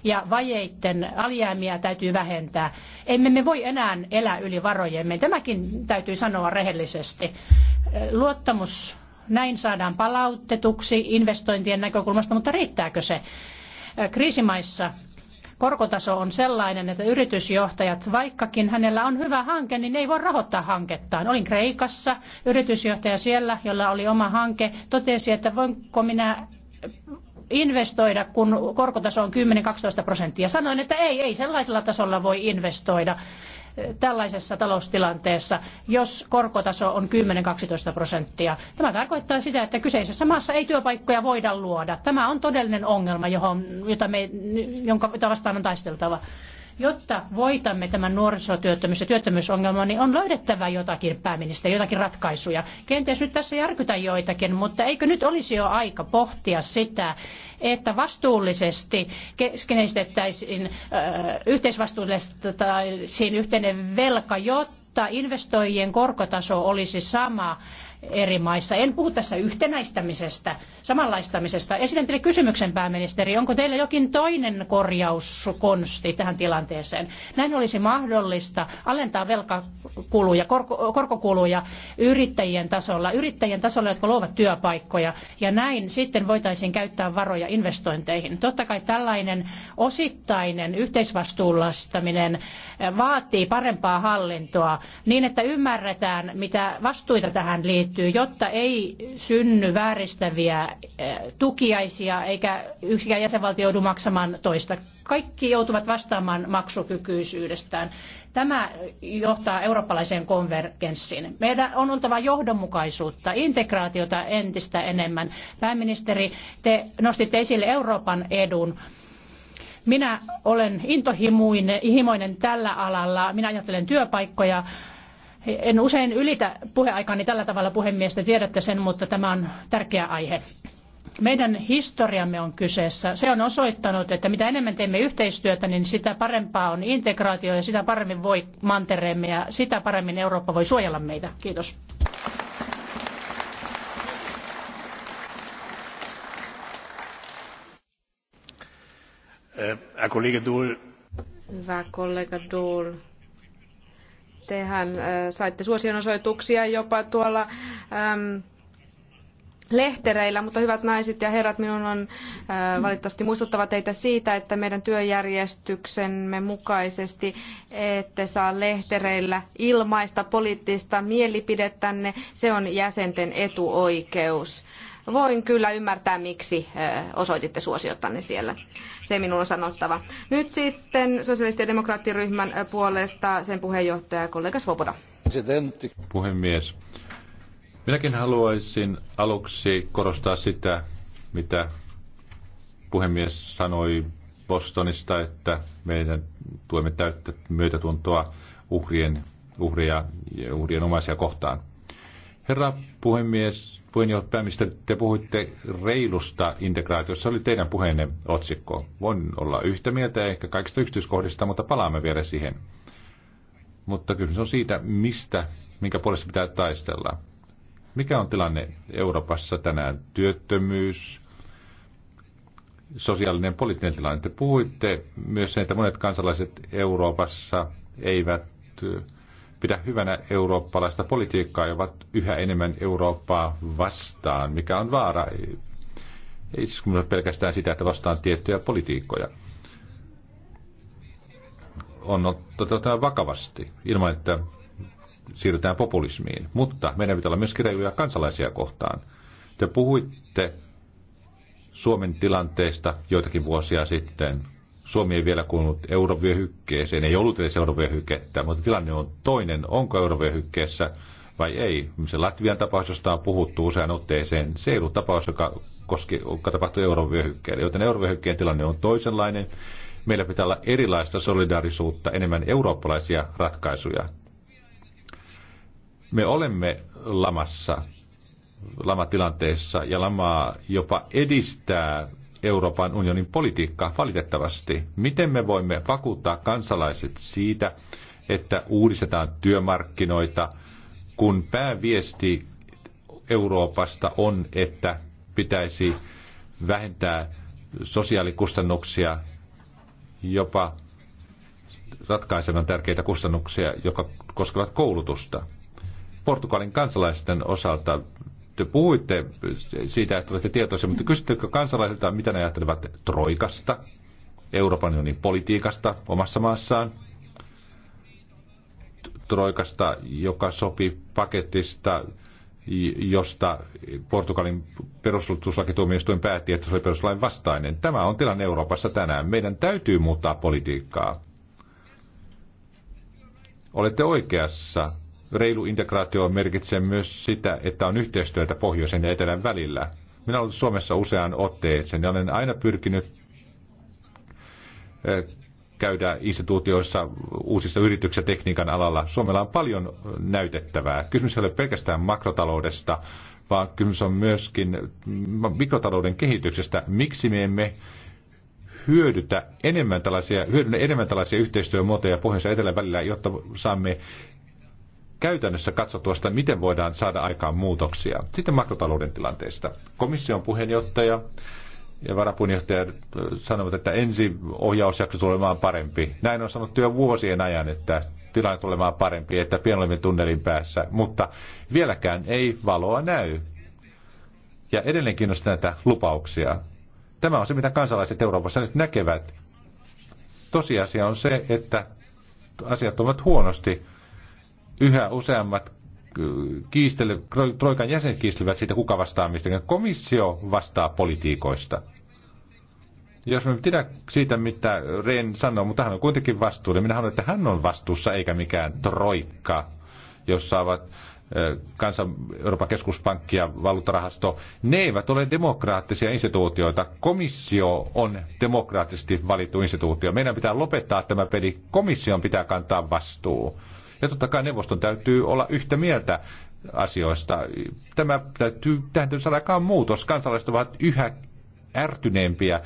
ja vajeiden alijäämiä täytyy vähentää. Emme me voi enää elää yli varojemme. Tämäkin täytyy sanoa rehellisesti. Äh, luottamus näin saadaan palautetuksi investointien näkökulmasta, mutta riittääkö se? Kriisimaissa korkotaso on sellainen, että yritysjohtajat, vaikkakin hänellä on hyvä hanke, niin ei voi rahoittaa hankettaan. Olin Kreikassa, yritysjohtaja siellä, jolla oli oma hanke, totesi, että voinko minä investoida, kun korkotaso on 10-12 prosenttia. Sanoin, että ei, ei sellaisella tasolla voi investoida tällaisessa taloustilanteessa, jos korkotaso on 10-12 prosenttia. Tämä tarkoittaa sitä, että kyseisessä maassa ei työpaikkoja voida luoda. Tämä on todellinen ongelma, johon, jota me, jonka, jota vastaan on taisteltava. Jotta voitamme tämän nuorisotyöttömyys- ja työttömyysongelman, niin on löydettävä jotakin pääministeri, jotakin ratkaisuja. Kenties nyt tässä järkytä joitakin, mutta eikö nyt olisi jo aika pohtia sitä, että vastuullisesti keskenestettäisiin yhteisvastuullistettaisiin yhteinen velka, jotta investoijien korkotaso olisi sama eri maissa. En puhu tässä yhtenäistämisestä, samanlaistamisesta. Esitän teille kysymyksen, pääministeri. Onko teillä jokin toinen korjauskonsti tähän tilanteeseen? Näin olisi mahdollista alentaa velkakuluja, korko, korkokuluja yrittäjien tasolla, yrittäjien tasolla, jotka luovat työpaikkoja. Ja näin sitten voitaisiin käyttää varoja investointeihin. Totta kai tällainen osittainen yhteisvastuullistaminen eh, vaatii parempaa hallintoa niin, että ymmärretään, mitä vastuita tähän liittyy täytäntööntyy, jotta ei synny vääristäviä eh, tukiaisia eikä yksikään jäsenvaltio joudu maksamaan toista. Kaikki joutuvat vastaamaan maksukykyisyydestään. Tämä johtaa eurooppalaiseen konvergenssiin. Meidän on oltava johdonmukaisuutta, integraatiota entistä enemmän. Pääministeri, te nostitte esille Euroopan edun. Minä olen intohimoinen tällä alalla. Minä ajattelen työpaikkoja en usein ylitä puheaikaani tällä tavalla puhemies, te tiedätte sen, mutta tämä on tärkeä aihe. Meidän historiamme on kyseessä. Se on osoittanut, että mitä enemmän teemme yhteistyötä, niin sitä parempaa on integraatio ja sitä paremmin voi mantereemme ja sitä paremmin Eurooppa voi suojella meitä. Kiitos. Hyvä kollega Dool. Tehän saitte suosionosoituksia jopa tuolla ähm, lehtereillä, mutta hyvät naiset ja herrat, minun on äh, valitettavasti muistuttava teitä siitä, että meidän työjärjestyksemme mukaisesti ette saa lehtereillä ilmaista poliittista mielipidettänne. Se on jäsenten etuoikeus voin kyllä ymmärtää, miksi osoititte suosiotanne siellä. Se minun on sanottava. Nyt sitten sosiaalisten ja demokraattiryhmän puolesta sen puheenjohtaja kollega Svoboda. Puhemies, minäkin haluaisin aluksi korostaa sitä, mitä puhemies sanoi Bostonista, että meidän tuemme täyttä myötätuntoa uhrien, uhria ja uhrien omaisia kohtaan. Herra puhemies, puheenjohtaja mistä te puhuitte reilusta integraatiossa, oli teidän puheenne otsikko. Voin olla yhtä mieltä ehkä kaikista yksityiskohdista, mutta palaamme vielä siihen. Mutta kysymys on siitä, mistä, minkä puolesta pitää taistella. Mikä on tilanne Euroopassa tänään? Työttömyys, sosiaalinen poliittinen tilanne. Te puhuitte myös sen, että monet kansalaiset Euroopassa eivät pidä hyvänä eurooppalaista politiikkaa ja ovat yhä enemmän Eurooppaa vastaan, mikä on vaara. Ei siis pelkästään sitä, että vastaan tiettyjä politiikkoja. On otettava vakavasti, ilman että siirrytään populismiin. Mutta meidän pitää olla myös reiluja kansalaisia kohtaan. Te puhuitte Suomen tilanteesta joitakin vuosia sitten. Suomi ei vielä kuulunut eurovyöhykkeeseen, ei ollut edes eurovyöhykettä, mutta tilanne on toinen. Onko eurovyöhykkeessä vai ei? Se Latvian tapaus, josta on puhuttu usean otteeseen, se ei ollut tapaus, joka, koski, joka tapahtui eurovyöhykkeelle, joten eurovyöhykkeen tilanne on toisenlainen. Meillä pitää olla erilaista solidaarisuutta, enemmän eurooppalaisia ratkaisuja. Me olemme lamassa, lamatilanteessa, ja lamaa jopa edistää Euroopan unionin politiikka valitettavasti. Miten me voimme vakuuttaa kansalaiset siitä, että uudistetaan työmarkkinoita, kun pääviesti Euroopasta on, että pitäisi vähentää sosiaalikustannuksia, jopa ratkaisevan tärkeitä kustannuksia, jotka koskevat koulutusta. Portugalin kansalaisten osalta te puhuitte siitä, että olette tietoisia, mutta kysyttekö kansalaisilta, mitä ne ajattelevat Troikasta, Euroopan unionin politiikasta omassa maassaan, Troikasta, joka sopi paketista, josta Portugalin perustuslakituomioistuin päätti, että se oli perustuslain vastainen. Tämä on tilanne Euroopassa tänään. Meidän täytyy muuttaa politiikkaa. Olette oikeassa Reilu integraatio merkitsee myös sitä, että on yhteistyötä pohjoisen ja etelän välillä. Minä olen Suomessa usean otteeseen ja olen aina pyrkinyt eh, käydä instituutioissa, uusissa yrityksissä tekniikan alalla. Suomella on paljon näytettävää. Kysymys ei ole pelkästään makrotaloudesta, vaan kysymys on myöskin mikrotalouden kehityksestä. Miksi me emme hyödytä enemmän tällaisia, hyödynnä enemmän tällaisia yhteistyömuotoja pohjois- ja etelän välillä, jotta saamme käytännössä katsottua sitä, miten voidaan saada aikaan muutoksia. Sitten makrotalouden tilanteesta. Komission puheenjohtaja ja varapuheenjohtaja äh, sanovat, että ensi ohjausjakso tulee olemaan parempi. Näin on sanottu jo vuosien ajan, että tilanne tulee olemaan parempi, että pian tunnelin päässä, mutta vieläkään ei valoa näy. Ja edelleen kiinnostaa näitä lupauksia. Tämä on se, mitä kansalaiset Euroopassa nyt näkevät. Tosiasia on se, että asiat ovat huonosti yhä useammat kiistele Troikan jäsenet kiistelevät siitä, kuka vastaa mistäkin. Komissio vastaa politiikoista. Jos me tiedä siitä, mitä Ren sanoo, mutta hän on kuitenkin vastuullinen. Minä haluan, että hän on vastuussa eikä mikään troikka, jossa ovat kansan Euroopan keskuspankki ja valuuttarahasto, ne eivät ole demokraattisia instituutioita. Komissio on demokraattisesti valittu instituutio. Meidän pitää lopettaa tämä peli. Komission pitää kantaa vastuu. Ja totta kai neuvoston täytyy olla yhtä mieltä asioista. Tämä täytyy, täytyy saada aikaan muutos. Kansalaiset ovat yhä ärtyneempiä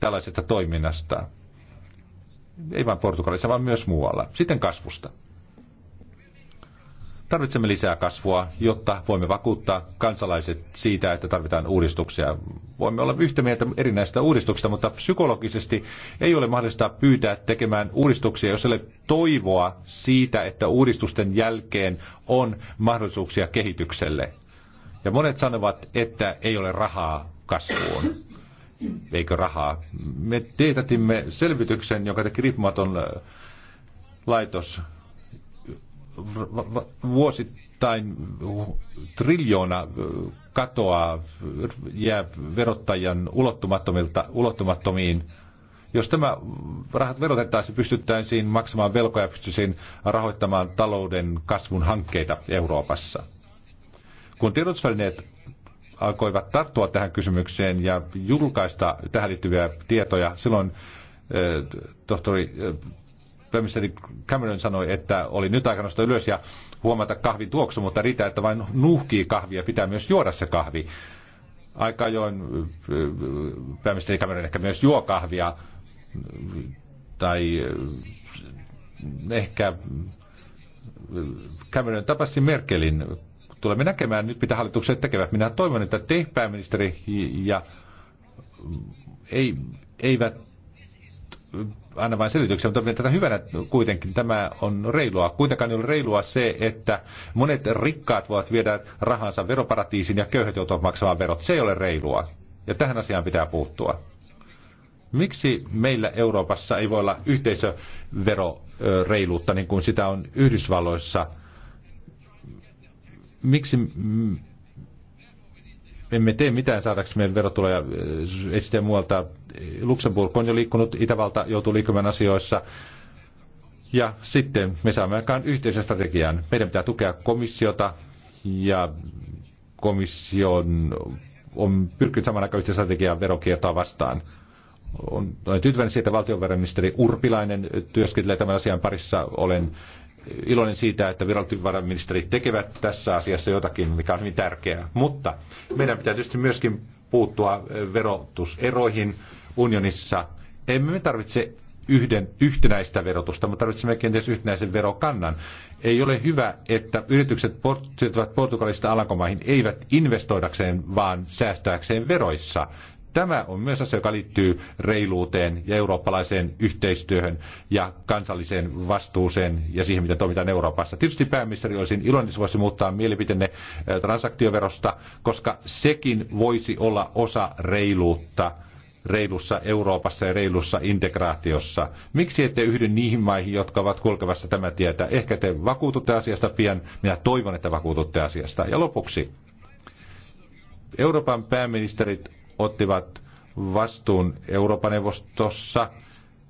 tällaisesta toiminnasta. Ei vain Portugalissa, vaan myös muualla. Sitten kasvusta. Tarvitsemme lisää kasvua, jotta voimme vakuuttaa kansalaiset siitä, että tarvitaan uudistuksia. Voimme olla yhtä mieltä erinäistä uudistuksista, mutta psykologisesti ei ole mahdollista pyytää tekemään uudistuksia, jos ei ole toivoa siitä, että uudistusten jälkeen on mahdollisuuksia kehitykselle. Ja monet sanovat, että ei ole rahaa kasvuun. Eikö rahaa? Me teetätimme selvityksen, jonka teki riippumaton äh, laitos vuosittain triljoona katoaa, jää verottajan ulottumattomilta, ulottumattomiin. Jos tämä rahat verotettaisiin, pystyttäisiin maksamaan velkoja ja pystyisiin rahoittamaan talouden kasvun hankkeita Euroopassa. Kun tiedotusvälineet alkoivat tarttua tähän kysymykseen ja julkaista tähän liittyviä tietoja, silloin tohtori Pääministeri Cameron sanoi, että oli nyt aika nostaa ylös ja huomata kahvin tuoksu, mutta riittää, että vain nuuhkii kahvia, pitää myös juoda se kahvi. Aika ajoin äh, pääministeri Cameron ehkä myös juo kahvia tai äh, ehkä äh, Cameron tapasi Merkelin. Tulemme näkemään nyt, mitä hallitukset tekevät. Minä toivon, että te, pääministeri, ja ei, eivät anna vain selityksiä, mutta tätä hyvänä kuitenkin tämä on reilua. Kuitenkaan ei ole reilua se, että monet rikkaat voivat viedä rahansa veroparatiisiin ja köyhät joutuvat maksamaan verot. Se ei ole reilua. Ja tähän asiaan pitää puuttua. Miksi meillä Euroopassa ei voi olla yhteisöveroreiluutta niin kuin sitä on Yhdysvalloissa? Miksi emme tee mitään saadaksemme verotuloja esitteen muualta Luxemburg on jo liikkunut, Itävalta joutuu liikkumaan asioissa. Ja sitten me saamme aikaan yhteisen strategian. Meidän pitää tukea komissiota ja komission on pyrkinyt saman aikaan yhteisen strategian verokiertoa vastaan. On, olen tyytyväinen siitä, että valtiovarainministeri Urpilainen työskentelee tämän asian parissa. Olen iloinen siitä, että virallisuusvarainministerit tekevät tässä asiassa jotakin, mikä on hyvin tärkeää. Mutta meidän pitää tietysti myöskin puuttua verotuseroihin unionissa emme me tarvitse yhden yhtenäistä verotusta, me tarvitsemme kenties yhtenäisen verokannan. Ei ole hyvä, että yritykset siirtyvät Portugalista Alankomaihin eivät investoidakseen, vaan säästääkseen veroissa. Tämä on myös asia, joka liittyy reiluuteen ja eurooppalaiseen yhteistyöhön ja kansalliseen vastuuseen ja siihen, mitä toimitaan Euroopassa. Tietysti pääministeri olisi iloinen, että voisi muuttaa mielipiteenne eh, transaktioverosta, koska sekin voisi olla osa reiluutta – reilussa Euroopassa ja reilussa integraatiossa. Miksi ette yhdy niihin maihin, jotka ovat kulkevassa tämä tietä? Ehkä te vakuututte asiasta pian. Minä toivon, että vakuututte asiasta. Ja lopuksi. Euroopan pääministerit ottivat vastuun Euroopan neuvostossa.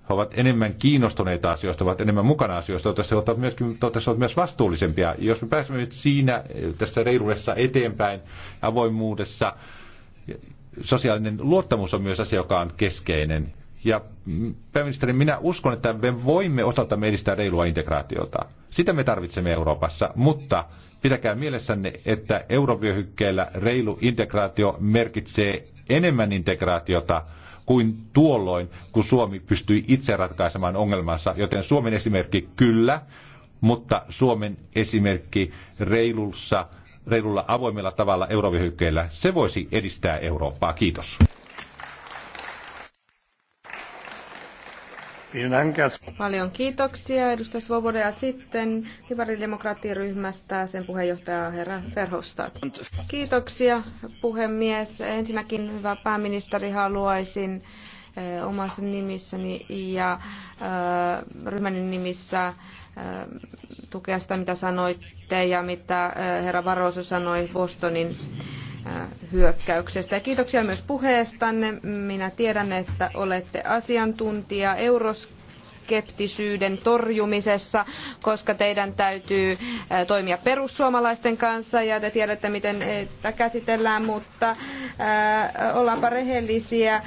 He ovat enemmän kiinnostuneita asioista, ovat enemmän mukana asioista, toivottavasti ovat, myöskin, toivottavasti ovat myös vastuullisempia. Jos me pääsemme nyt siinä tässä reiluudessa eteenpäin, avoimuudessa, sosiaalinen luottamus on myös asia, joka on keskeinen. Ja mm, pääministeri, minä uskon, että me voimme osaltamme edistää reilua integraatiota. Sitä me tarvitsemme Euroopassa, mutta pitäkää mielessänne, että eurovyöhykkeellä reilu integraatio merkitsee enemmän integraatiota kuin tuolloin, kun Suomi pystyi itse ratkaisemaan ongelmansa. Joten Suomen esimerkki kyllä, mutta Suomen esimerkki reilussa reilulla avoimella tavalla eurovyöhykkeellä. Se voisi edistää Eurooppaa. Kiitos. Paljon kiitoksia edustaja Svoboda ja sitten Liberaalidemokraattiryhmästä sen puheenjohtaja herra Verhofstadt. Kiitoksia puhemies. Ensinnäkin hyvä pääministeri haluaisin eh, omassa nimissäni ja eh, ryhmäni nimissä tukea sitä, mitä sanoitte ja mitä herra Barroso sanoi Bostonin hyökkäyksestä. Ja kiitoksia myös puheestanne. Minä tiedän, että olette asiantuntija euros euroskeptisyyden torjumisessa, koska teidän täytyy toimia perussuomalaisten kanssa ja te tiedätte, miten heitä käsitellään, mutta äh, ollaanpa rehellisiä. Äh,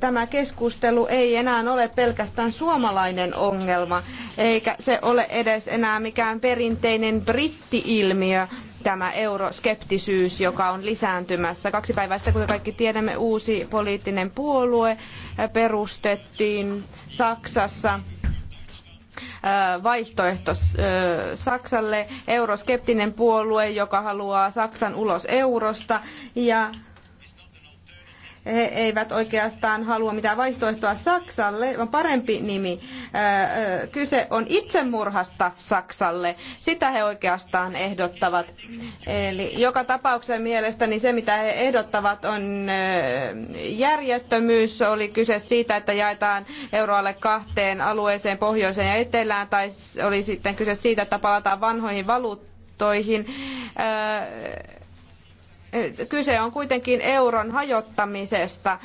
tämä keskustelu ei enää ole pelkästään suomalainen ongelma, eikä se ole edes enää mikään perinteinen britti-ilmiö tämä euroskeptisyys, joka on lisääntymässä. Kaksi päivää sitten, kuten kaikki tiedämme, uusi poliittinen puolue perustettiin Saksassa äh, vaihtoehto äh, Saksalle, euroskeptinen puolue, joka haluaa Saksan ulos eurosta ja he eivät oikeastaan halua mitään vaihtoehtoa Saksalle, vaan parempi nimi. Kyse on itsemurhasta Saksalle. Sitä he oikeastaan ehdottavat. Eli joka tapauksessa mielestäni se, mitä he ehdottavat, on järjettömyys. Oli kyse siitä, että jaetaan euroalle kahteen alueeseen, pohjoiseen ja etelään, tai oli sitten kyse siitä, että palataan vanhoihin valuuttoihin kyse on kuitenkin euron hajottamisesta.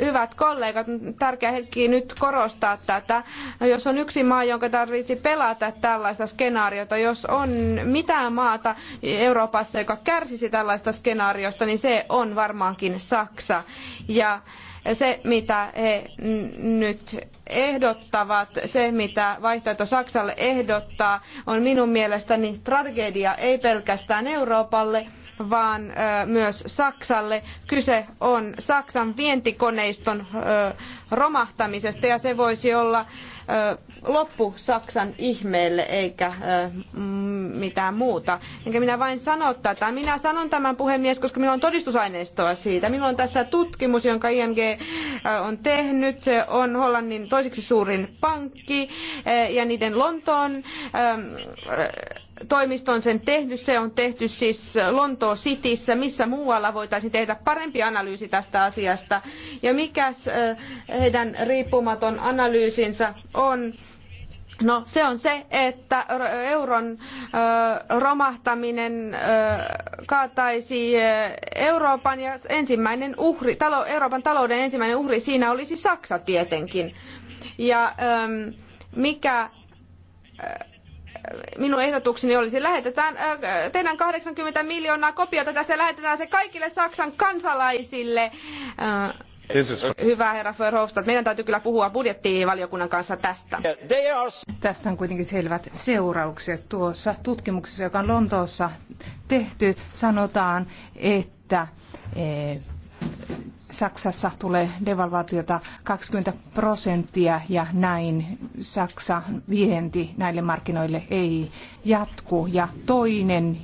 Hyvät kollegat, tärkeä hetki nyt korostaa tätä. jos on yksi maa, jonka tarvitsi pelata tällaista skenaariota, jos on mitään maata Euroopassa, joka kärsisi tällaista skenaariosta, niin se on varmaankin Saksa. Ja se, mitä he nyt ehdottavat, se mitä vaihtoehto Saksalle ehdottaa, on minun mielestäni tragedia ei pelkästään Euroopalle, vaan myös Saksalle. Kyse on Saksan vientikoneiston romahtamisesta ja se voisi olla loppu Saksan ihmeelle eikä mitään muuta. Enkä minä vain sano tätä. Minä sanon tämän puhemies, koska minulla on todistusaineistoa siitä. Minulla on tässä tutkimus, jonka ING on tehnyt. Se on Hollannin toiseksi suurin pankki ja niiden Lontoon toimisto on sen tehnyt, se on tehty siis Lontoo Cityssä, missä muualla voitaisiin tehdä parempi analyysi tästä asiasta. Ja mikä heidän riippumaton analyysinsä on? No se on se, että euron romahtaminen kaataisi Euroopan ja ensimmäinen uhri, Euroopan talouden ensimmäinen uhri siinä olisi Saksa tietenkin. Ja mikä minun ehdotukseni olisi, lähetetään teidän 80 miljoonaa kopiota tästä ja lähetetään se kaikille Saksan kansalaisille. Hyvä herra Verhofstadt, meidän täytyy kyllä puhua budjettivaliokunnan kanssa tästä. Tästä on kuitenkin selvät seuraukset. Tuossa tutkimuksessa, joka on Lontoossa tehty, sanotaan, että eh, Saksassa tulee devalvaatiota 20 prosenttia ja näin Saksa vienti näille markkinoille ei jatku. Ja toinen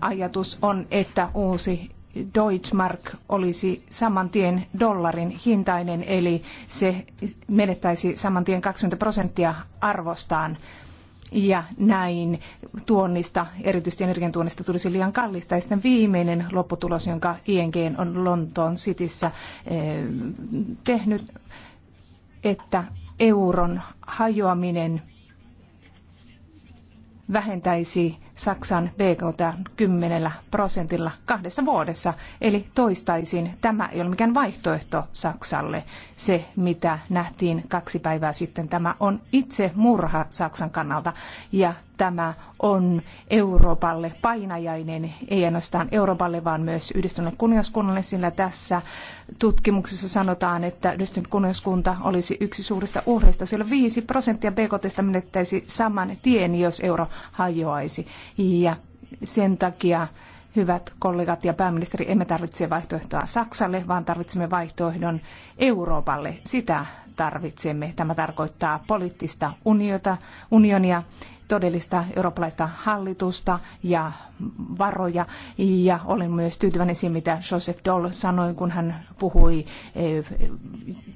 ajatus on, että uusi Deutschmark olisi saman tien dollarin hintainen, eli se menettäisi saman tien 20 prosenttia arvostaan ja näin tuonnista, erityisesti tuonnista, tulisi liian kallista. Ja sitten viimeinen lopputulos, jonka ING on Lontoon Cityssä eh, tehnyt, että euron hajoaminen vähentäisi Saksan BKT 10 prosentilla kahdessa vuodessa. Eli toistaisin, tämä ei ole mikään vaihtoehto Saksalle. Se, mitä nähtiin kaksi päivää sitten, tämä on itse murha Saksan kannalta. Ja tämä on Euroopalle painajainen, ei ainoastaan Euroopalle, vaan myös yhdistyneelle kuningaskunnalle, sillä tässä tutkimuksessa sanotaan, että yhdistynyt kuningaskunta olisi yksi suurista uhreista, sillä viisi prosenttia BKTstä menettäisi saman tien, jos euro hajoaisi ja sen takia hyvät kollegat ja pääministeri, emme tarvitse vaihtoehtoa Saksalle, vaan tarvitsemme vaihtoehdon Euroopalle. Sitä tarvitsemme. Tämä tarkoittaa poliittista unionia, todellista eurooppalaista hallitusta ja varoja. Ja olen myös tyytyväinen siihen, mitä Joseph Doll sanoi, kun hän puhui eh,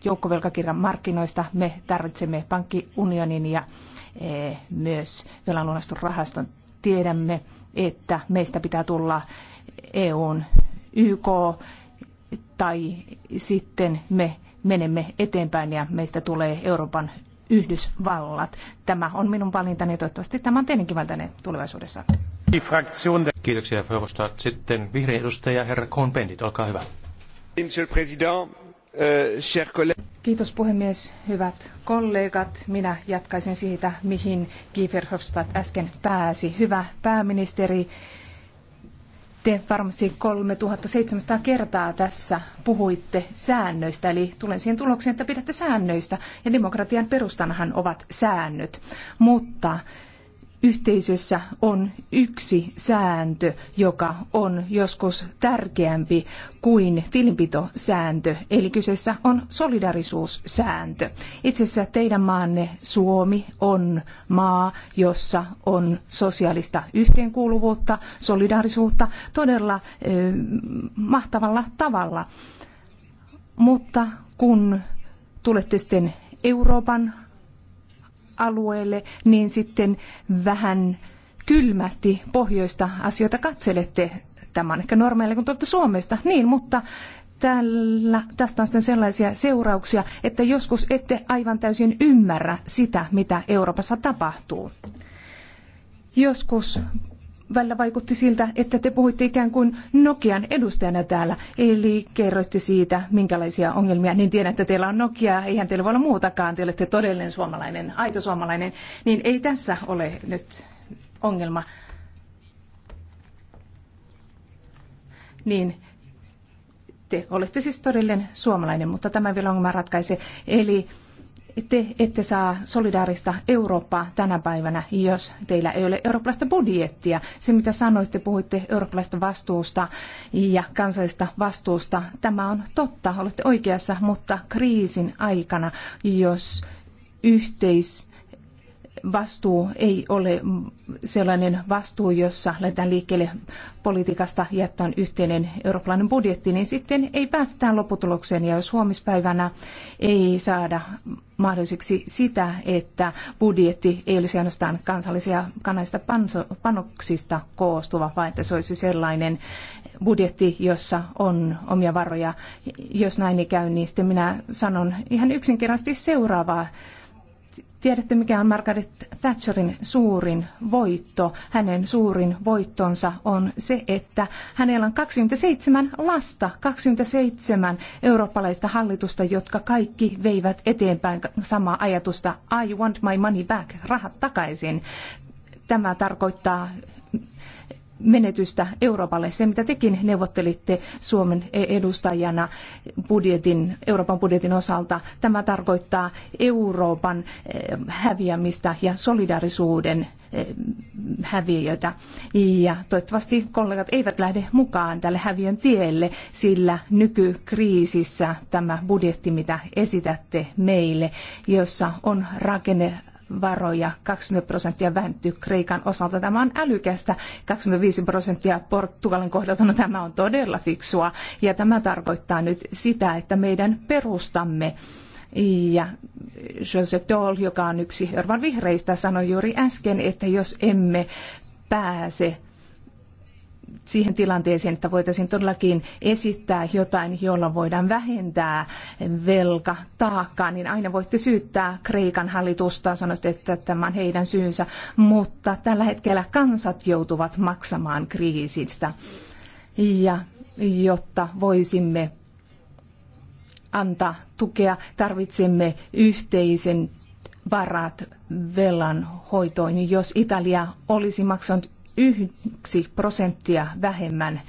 joukkovelkakirjan markkinoista. Me tarvitsemme pankkiunionin ja eh, myös rahaston tiedämme, että meistä pitää tulla EUn YK tai sitten me menemme eteenpäin ja meistä tulee Euroopan Yhdysvallat. Tämä on minun valintani ja toivottavasti tämä on teidänkin valintanne tulevaisuudessa. Kiitoksia, Fövostat. Sitten vihreä edustaja, herra Kohn-Bendit, olkaa hyvä. Monsieur le Président, Eh, Kiitos puhemies, hyvät kollegat. Minä jatkaisin siitä, mihin Guy Verhofstadt äsken pääsi. Hyvä pääministeri, te varmasti 3700 kertaa tässä puhuitte säännöistä, eli tulen siihen tulokseen, että pidätte säännöistä, ja demokratian perustanahan ovat säännöt. Mutta yhteisössä on yksi sääntö, joka on joskus tärkeämpi kuin tilinpitosääntö, eli kyseessä on solidarisuussääntö. Itse asiassa teidän maanne Suomi on maa, jossa on sosiaalista yhteenkuuluvuutta, solidarisuutta todella mahtavalla tavalla. Mutta kun tulette sitten Euroopan alueelle, niin sitten vähän kylmästi pohjoista asioita katselette. Tämä on ehkä normaalia, kun tuolta Suomesta. Niin, mutta tällä, tästä on sitten sellaisia seurauksia, että joskus ette aivan täysin ymmärrä sitä, mitä Euroopassa tapahtuu. Joskus välillä vaikutti siltä, että te puhuitte ikään kuin Nokian edustajana täällä, eli kerroitte siitä, minkälaisia ongelmia, niin tiedän, että teillä on Nokia, eihän teillä voi olla muutakaan, te olette todellinen suomalainen, aito suomalainen, niin ei tässä ole nyt ongelma. Niin te olette siis todellinen suomalainen, mutta tämä vielä ongelma ratkaisee. Eli te ette saa solidaarista Eurooppaa tänä päivänä, jos teillä ei ole eurooppalaista budjettia. Se, mitä sanoitte, puhuitte eurooppalaista vastuusta ja kansallisesta vastuusta. Tämä on totta, olette oikeassa, mutta kriisin aikana, jos yhteis vastuu ei ole sellainen vastuu, jossa lähdetään liikkeelle politiikasta ja on yhteinen eurooppalainen budjetti, niin sitten ei päästä tähän lopputulokseen. Ja jos huomispäivänä ei saada mahdolliseksi sitä, että budjetti ei olisi ainoastaan kansallisia kannaista panoksista koostuva, vaan että se olisi sellainen budjetti, jossa on omia varoja. Jos näin ei käy, niin sitten minä sanon ihan yksinkertaisesti seuraavaa Tiedätte, mikä on Margaret Thatcherin suurin voitto? Hänen suurin voittonsa on se, että hänellä on 27 lasta, 27 eurooppalaista hallitusta, jotka kaikki veivät eteenpäin samaa ajatusta I want my money back, rahat takaisin. Tämä tarkoittaa menetystä Euroopalle. Se, mitä tekin neuvottelitte Suomen edustajana budjetin, Euroopan budjetin osalta, tämä tarkoittaa Euroopan eh, häviämistä ja solidaarisuuden eh, häviötä. Ja toivottavasti kollegat eivät lähde mukaan tälle häviön tielle, sillä nykykriisissä tämä budjetti, mitä esitätte meille, jossa on rakenne varoja 20 prosenttia vähentyy Kreikan osalta. Tämä on älykästä. 25 prosenttia Portugalin kohdalta, no tämä on todella fiksua. Ja tämä tarkoittaa nyt sitä, että meidän perustamme ja Joseph Daul, joka on yksi Euroopan vihreistä, sanoi juuri äsken, että jos emme pääse siihen tilanteeseen, että voitaisiin todellakin esittää jotain, jolla voidaan vähentää velkataakkaa, niin aina voitte syyttää Kreikan hallitusta, sanotte, että tämä on heidän syynsä, mutta tällä hetkellä kansat joutuvat maksamaan kriisistä. Ja jotta voisimme antaa tukea, tarvitsemme yhteisen varat velan hoitoon. Jos Italia olisi maksanut yksi prosenttia vähemmän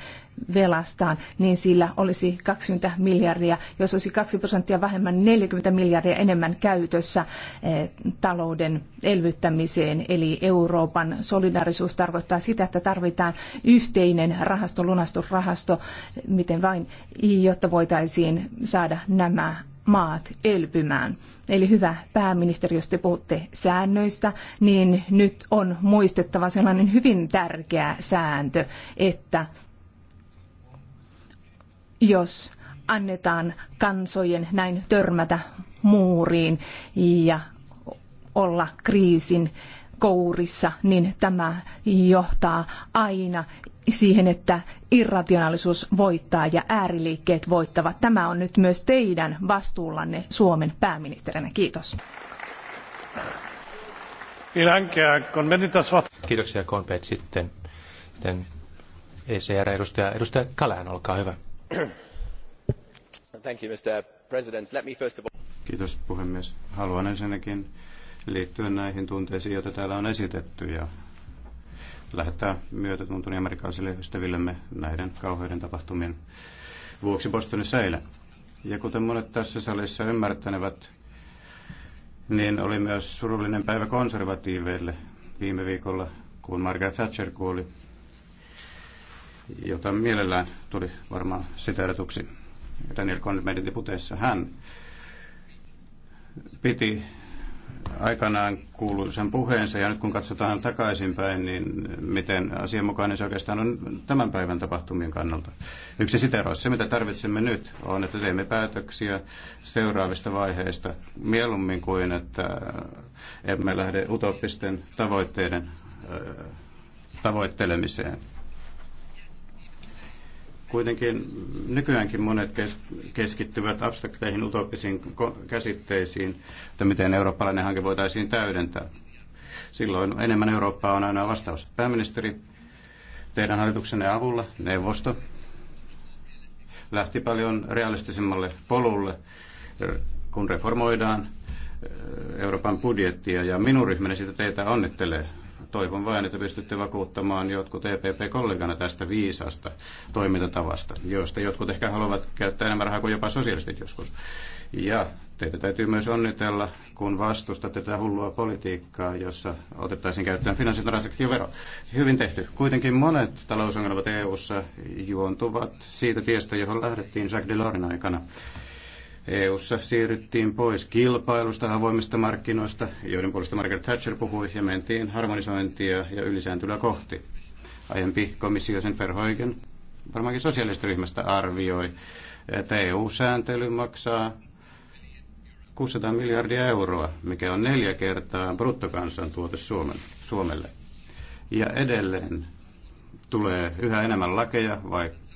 velastaan, niin sillä olisi 20 miljardia, jos olisi 2 prosenttia vähemmän, 40 niin miljardia enemmän käytössä eh, talouden elvyttämiseen. Eli Euroopan solidaarisuus tarkoittaa sitä, että tarvitaan yhteinen rahasto, lunastusrahasto, miten vain, jotta voitaisiin saada nämä maat elpymään. Eli hyvä pääministeri, jos te puhutte säännöistä, niin nyt on muistettava sellainen hyvin tärkeä sääntö, että jos annetaan kansojen näin törmätä muuriin ja olla kriisin kourissa, niin tämä johtaa aina siihen, että irrationaalisuus voittaa ja ääriliikkeet voittavat. Tämä on nyt myös teidän vastuullanne Suomen pääministerinä. Kiitos. Kiitoksia, Konpet. Sitten, sitten ECR-edustaja edustaja Kalahan, olkaa hyvä. Thank you, Mr. President. Let me first of all... Kiitos puhemies. Haluan ensinnäkin liittyen näihin tunteisiin, joita täällä on esitetty ja lähettää myötätuntoni amerikkalaisille ystävillemme näiden kauheiden tapahtumien vuoksi Bostonissa eilen. Ja kuten monet tässä salissa ymmärtänevät, niin oli myös surullinen päivä konservatiiveille viime viikolla, kun Margaret Thatcher kuoli, jota mielellään tuli varmaan siteeratuksi Daniel cohn meidän puteessa. Hän piti aikanaan kuuluisen puheensa ja nyt kun katsotaan takaisinpäin, niin miten asianmukainen se oikeastaan on tämän päivän tapahtumien kannalta. Yksi sitero, se mitä tarvitsemme nyt on, että teemme päätöksiä seuraavista vaiheista mieluummin kuin, että emme lähde utopisten tavoitteiden tavoittelemiseen. Kuitenkin nykyäänkin monet keskittyvät abstrakteihin utopisiin käsitteisiin, että miten eurooppalainen hanke voitaisiin täydentää. Silloin enemmän Eurooppaa on aina vastaus. Pääministeri, teidän hallituksenne avulla neuvosto lähti paljon realistisemmalle polulle, kun reformoidaan eh, Euroopan budjettia, ja minun ryhmäni sitä teitä onnittelee. Toivon vain, että pystytte vakuuttamaan jotkut EPP-kollegana tästä viisasta toimintatavasta, joista jotkut ehkä haluavat käyttää enemmän rahaa kuin jopa sosialistit joskus. Ja teitä täytyy myös onnitella, kun vastustatte tätä hullua politiikkaa, jossa otettaisiin käyttöön finanssitransaktiovero. Hyvin tehty. Kuitenkin monet talousongelmat EU-ssa juontuvat siitä tiestä, johon lähdettiin Jacques Delorsin aikana. EU-ssa siirryttiin pois kilpailusta avoimista markkinoista, joiden puolesta Margaret Thatcher puhui, ja mentiin harmonisointia ja ylisääntelyä kohti. Aiempi komissio sen Verhoigen varmaankin ryhmästä arvioi, että EU-sääntely maksaa 600 miljardia euroa, mikä on neljä kertaa bruttokansantuote Suomen, Suomelle. Ja edelleen tulee yhä enemmän lakeja, vaikka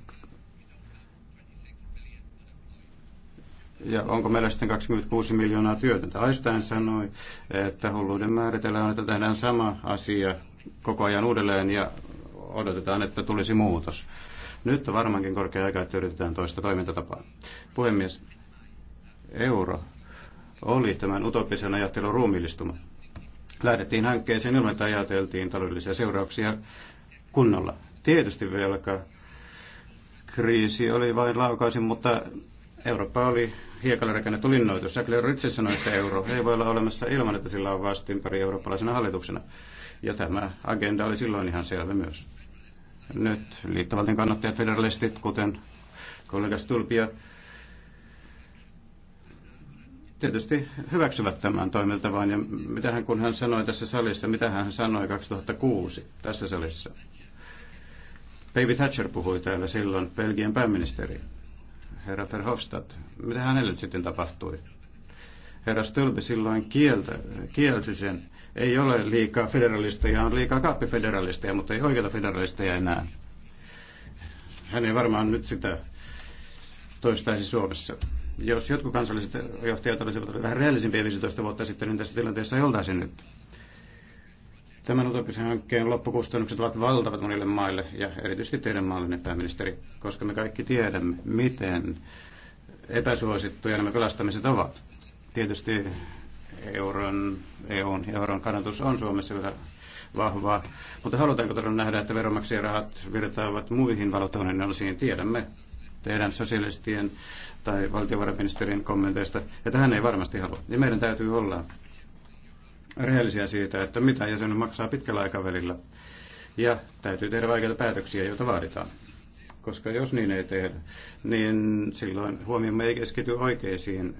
ja onko meillä sitten 26 miljoonaa työtöntä. Einstein sanoi, että hulluuden määritellään, että tehdään sama asia koko ajan uudelleen ja odotetaan, että tulisi muutos. Nyt on varmaankin korkea aika, että yritetään toista toimintatapaa. Puhemies, euro oli tämän utopisen ajattelun ruumiillistuma. Lähdettiin hankkeeseen ilman, että ajateltiin taloudellisia seurauksia kunnolla. Tietysti velka kriisi oli vain laukaisin, mutta Eurooppa oli hiekalle rakennettu linnoitus. Jacques itse sanoi, että euro ei voi olla olemassa ilman, että sillä on pari eurooppalaisena hallituksena. Ja tämä agenda oli silloin ihan selvä myös. Nyt liittovaltion kannattajat, federalistit, kuten kollega Stulpia, tietysti hyväksyvät tämän toimintavan Ja mitähän kun hän sanoi tässä salissa, mitä hän sanoi 2006 tässä salissa. David Thatcher puhui täällä silloin, Belgian pääministeri herra Verhofstadt. Mitä hänelle sitten tapahtui? Herra Stölbe silloin kieltä, kielsi sen. Ei ole liikaa federalisteja, on liikaa kaappifederalisteja, mutta ei oikeita federalisteja enää. Hän ei varmaan nyt sitä toistaisi Suomessa. Jos jotkut kansalliset johtajat olisivat vähän rehellisimpiä 15 vuotta sitten, niin tässä tilanteessa ei oltaisi nyt. Tämän utopisen hankkeen loppukustannukset ovat valtavat monille maille ja erityisesti teidän maallinen pääministeri, koska me kaikki tiedämme, miten epäsuosittuja nämä pelastamiset ovat. Tietysti euron, EUn, euron kannatus on Suomessa vielä vahvaa, mutta halutaanko todella nähdä, että veronmaksajien rahat virtaavat muihin valuuttaunionin osiin? Tiedämme teidän sosialistien tai valtiovarainministerin kommenteista, että hän ei varmasti halua. Ja meidän täytyy olla rehellisiä siitä, että mitä jäsenen maksaa pitkällä aikavälillä. Ja täytyy tehdä vaikeita päätöksiä, joita vaaditaan. Koska jos niin ei tehdä, niin silloin huomiomme ei keskity oikeisiin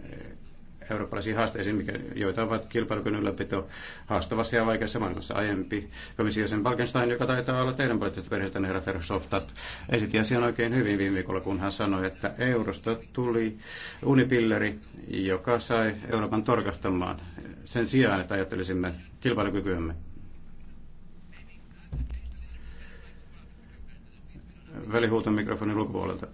eurooppalaisiin haasteisiin, joita ovat kilpailukyvyn ylläpito haastavassa ja vaikeassa maailmassa. Aiempi komissio sen Balkenstein, joka taitaa olla teidän poliittisesta perheestä, herra Verhofstadt, esitti asian oikein hyvin viime viikolla, kun hän sanoi, että eurosta tuli unipilleri, joka sai Euroopan torkahtamaan sen sijaan, että ajattelisimme kilpailukykyämme. Välihuuton mikrofonin ulkopuolelta.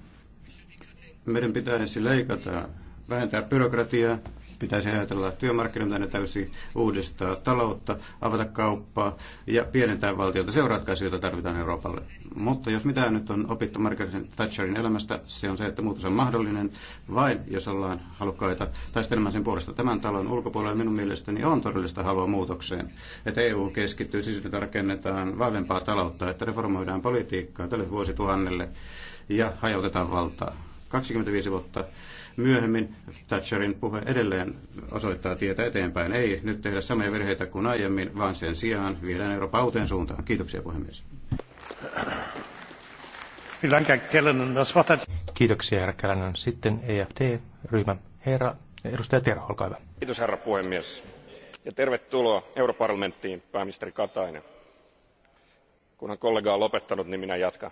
Meidän pitäisi leikata vähentää byrokratiaa, pitäisi ajatella työmarkkinoita, täysin uudistaa taloutta, avata kauppaa ja pienentää valtiota. Se on ratkaisu, jota tarvitaan Euroopalle. Mutta jos mitään nyt on opittu Margaret Thatcherin elämästä, se on se, että muutos on mahdollinen vain, jos ollaan halukkaita taistelemaan sen puolesta. Tämän talon ulkopuolella minun mielestäni on todellista halua muutokseen, että EU keskittyy, siis että rakennetaan vahvempaa taloutta, että reformoidaan politiikkaa tälle vuosituhannelle ja hajautetaan valtaa 25 vuotta myöhemmin Thatcherin puhe edelleen osoittaa tietä eteenpäin. Ei nyt tehdä samoja virheitä kuin aiemmin, vaan sen sijaan viedään Euroopan uuteen suuntaan. Kiitoksia puhemies. Kiitoksia, herra Kälänen. Sitten EFD-ryhmä. Herra, edustaja Terho, olkaa hyvä. Kiitos, herra puhemies. Ja tervetuloa europarlamenttiin, pääministeri Katainen. Kunhan kollega on lopettanut, niin minä jatkan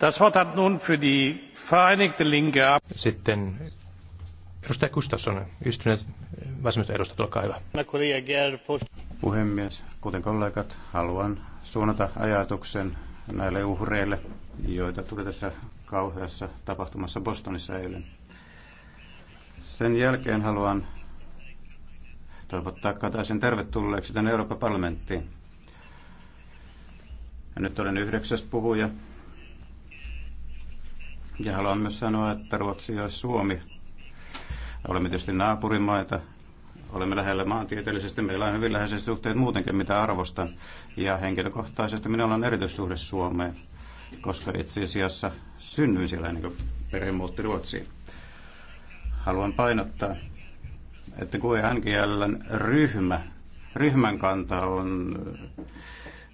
Das Wort hat nun für die Vereinigte Linke. Sitten edustaja Gustafsson, ystyneet vasemmistoedustajat, olkaa hyvä. Puhemies, kuten kollegat, haluan suunnata ajatuksen näille uhreille, joita tuli tässä kauheassa tapahtumassa Bostonissa eilen. Sen jälkeen haluan toivottaa Kataisen tervetulleeksi tänne Euroopan parlamenttiin. Ja nyt olen yhdeksäs puhuja ja haluan myös sanoa, että Ruotsi ja Suomi, olemme tietysti naapurimaita, olemme lähellä maantieteellisesti, meillä on hyvin läheiset suhteet muutenkin, mitä arvostan. Ja henkilökohtaisesti minulla on erityissuhde Suomeen, koska itse asiassa synnyin siellä ennen kuin perhe muutti Ruotsiin. Haluan painottaa, että qe ryhmä, ryhmän kanta on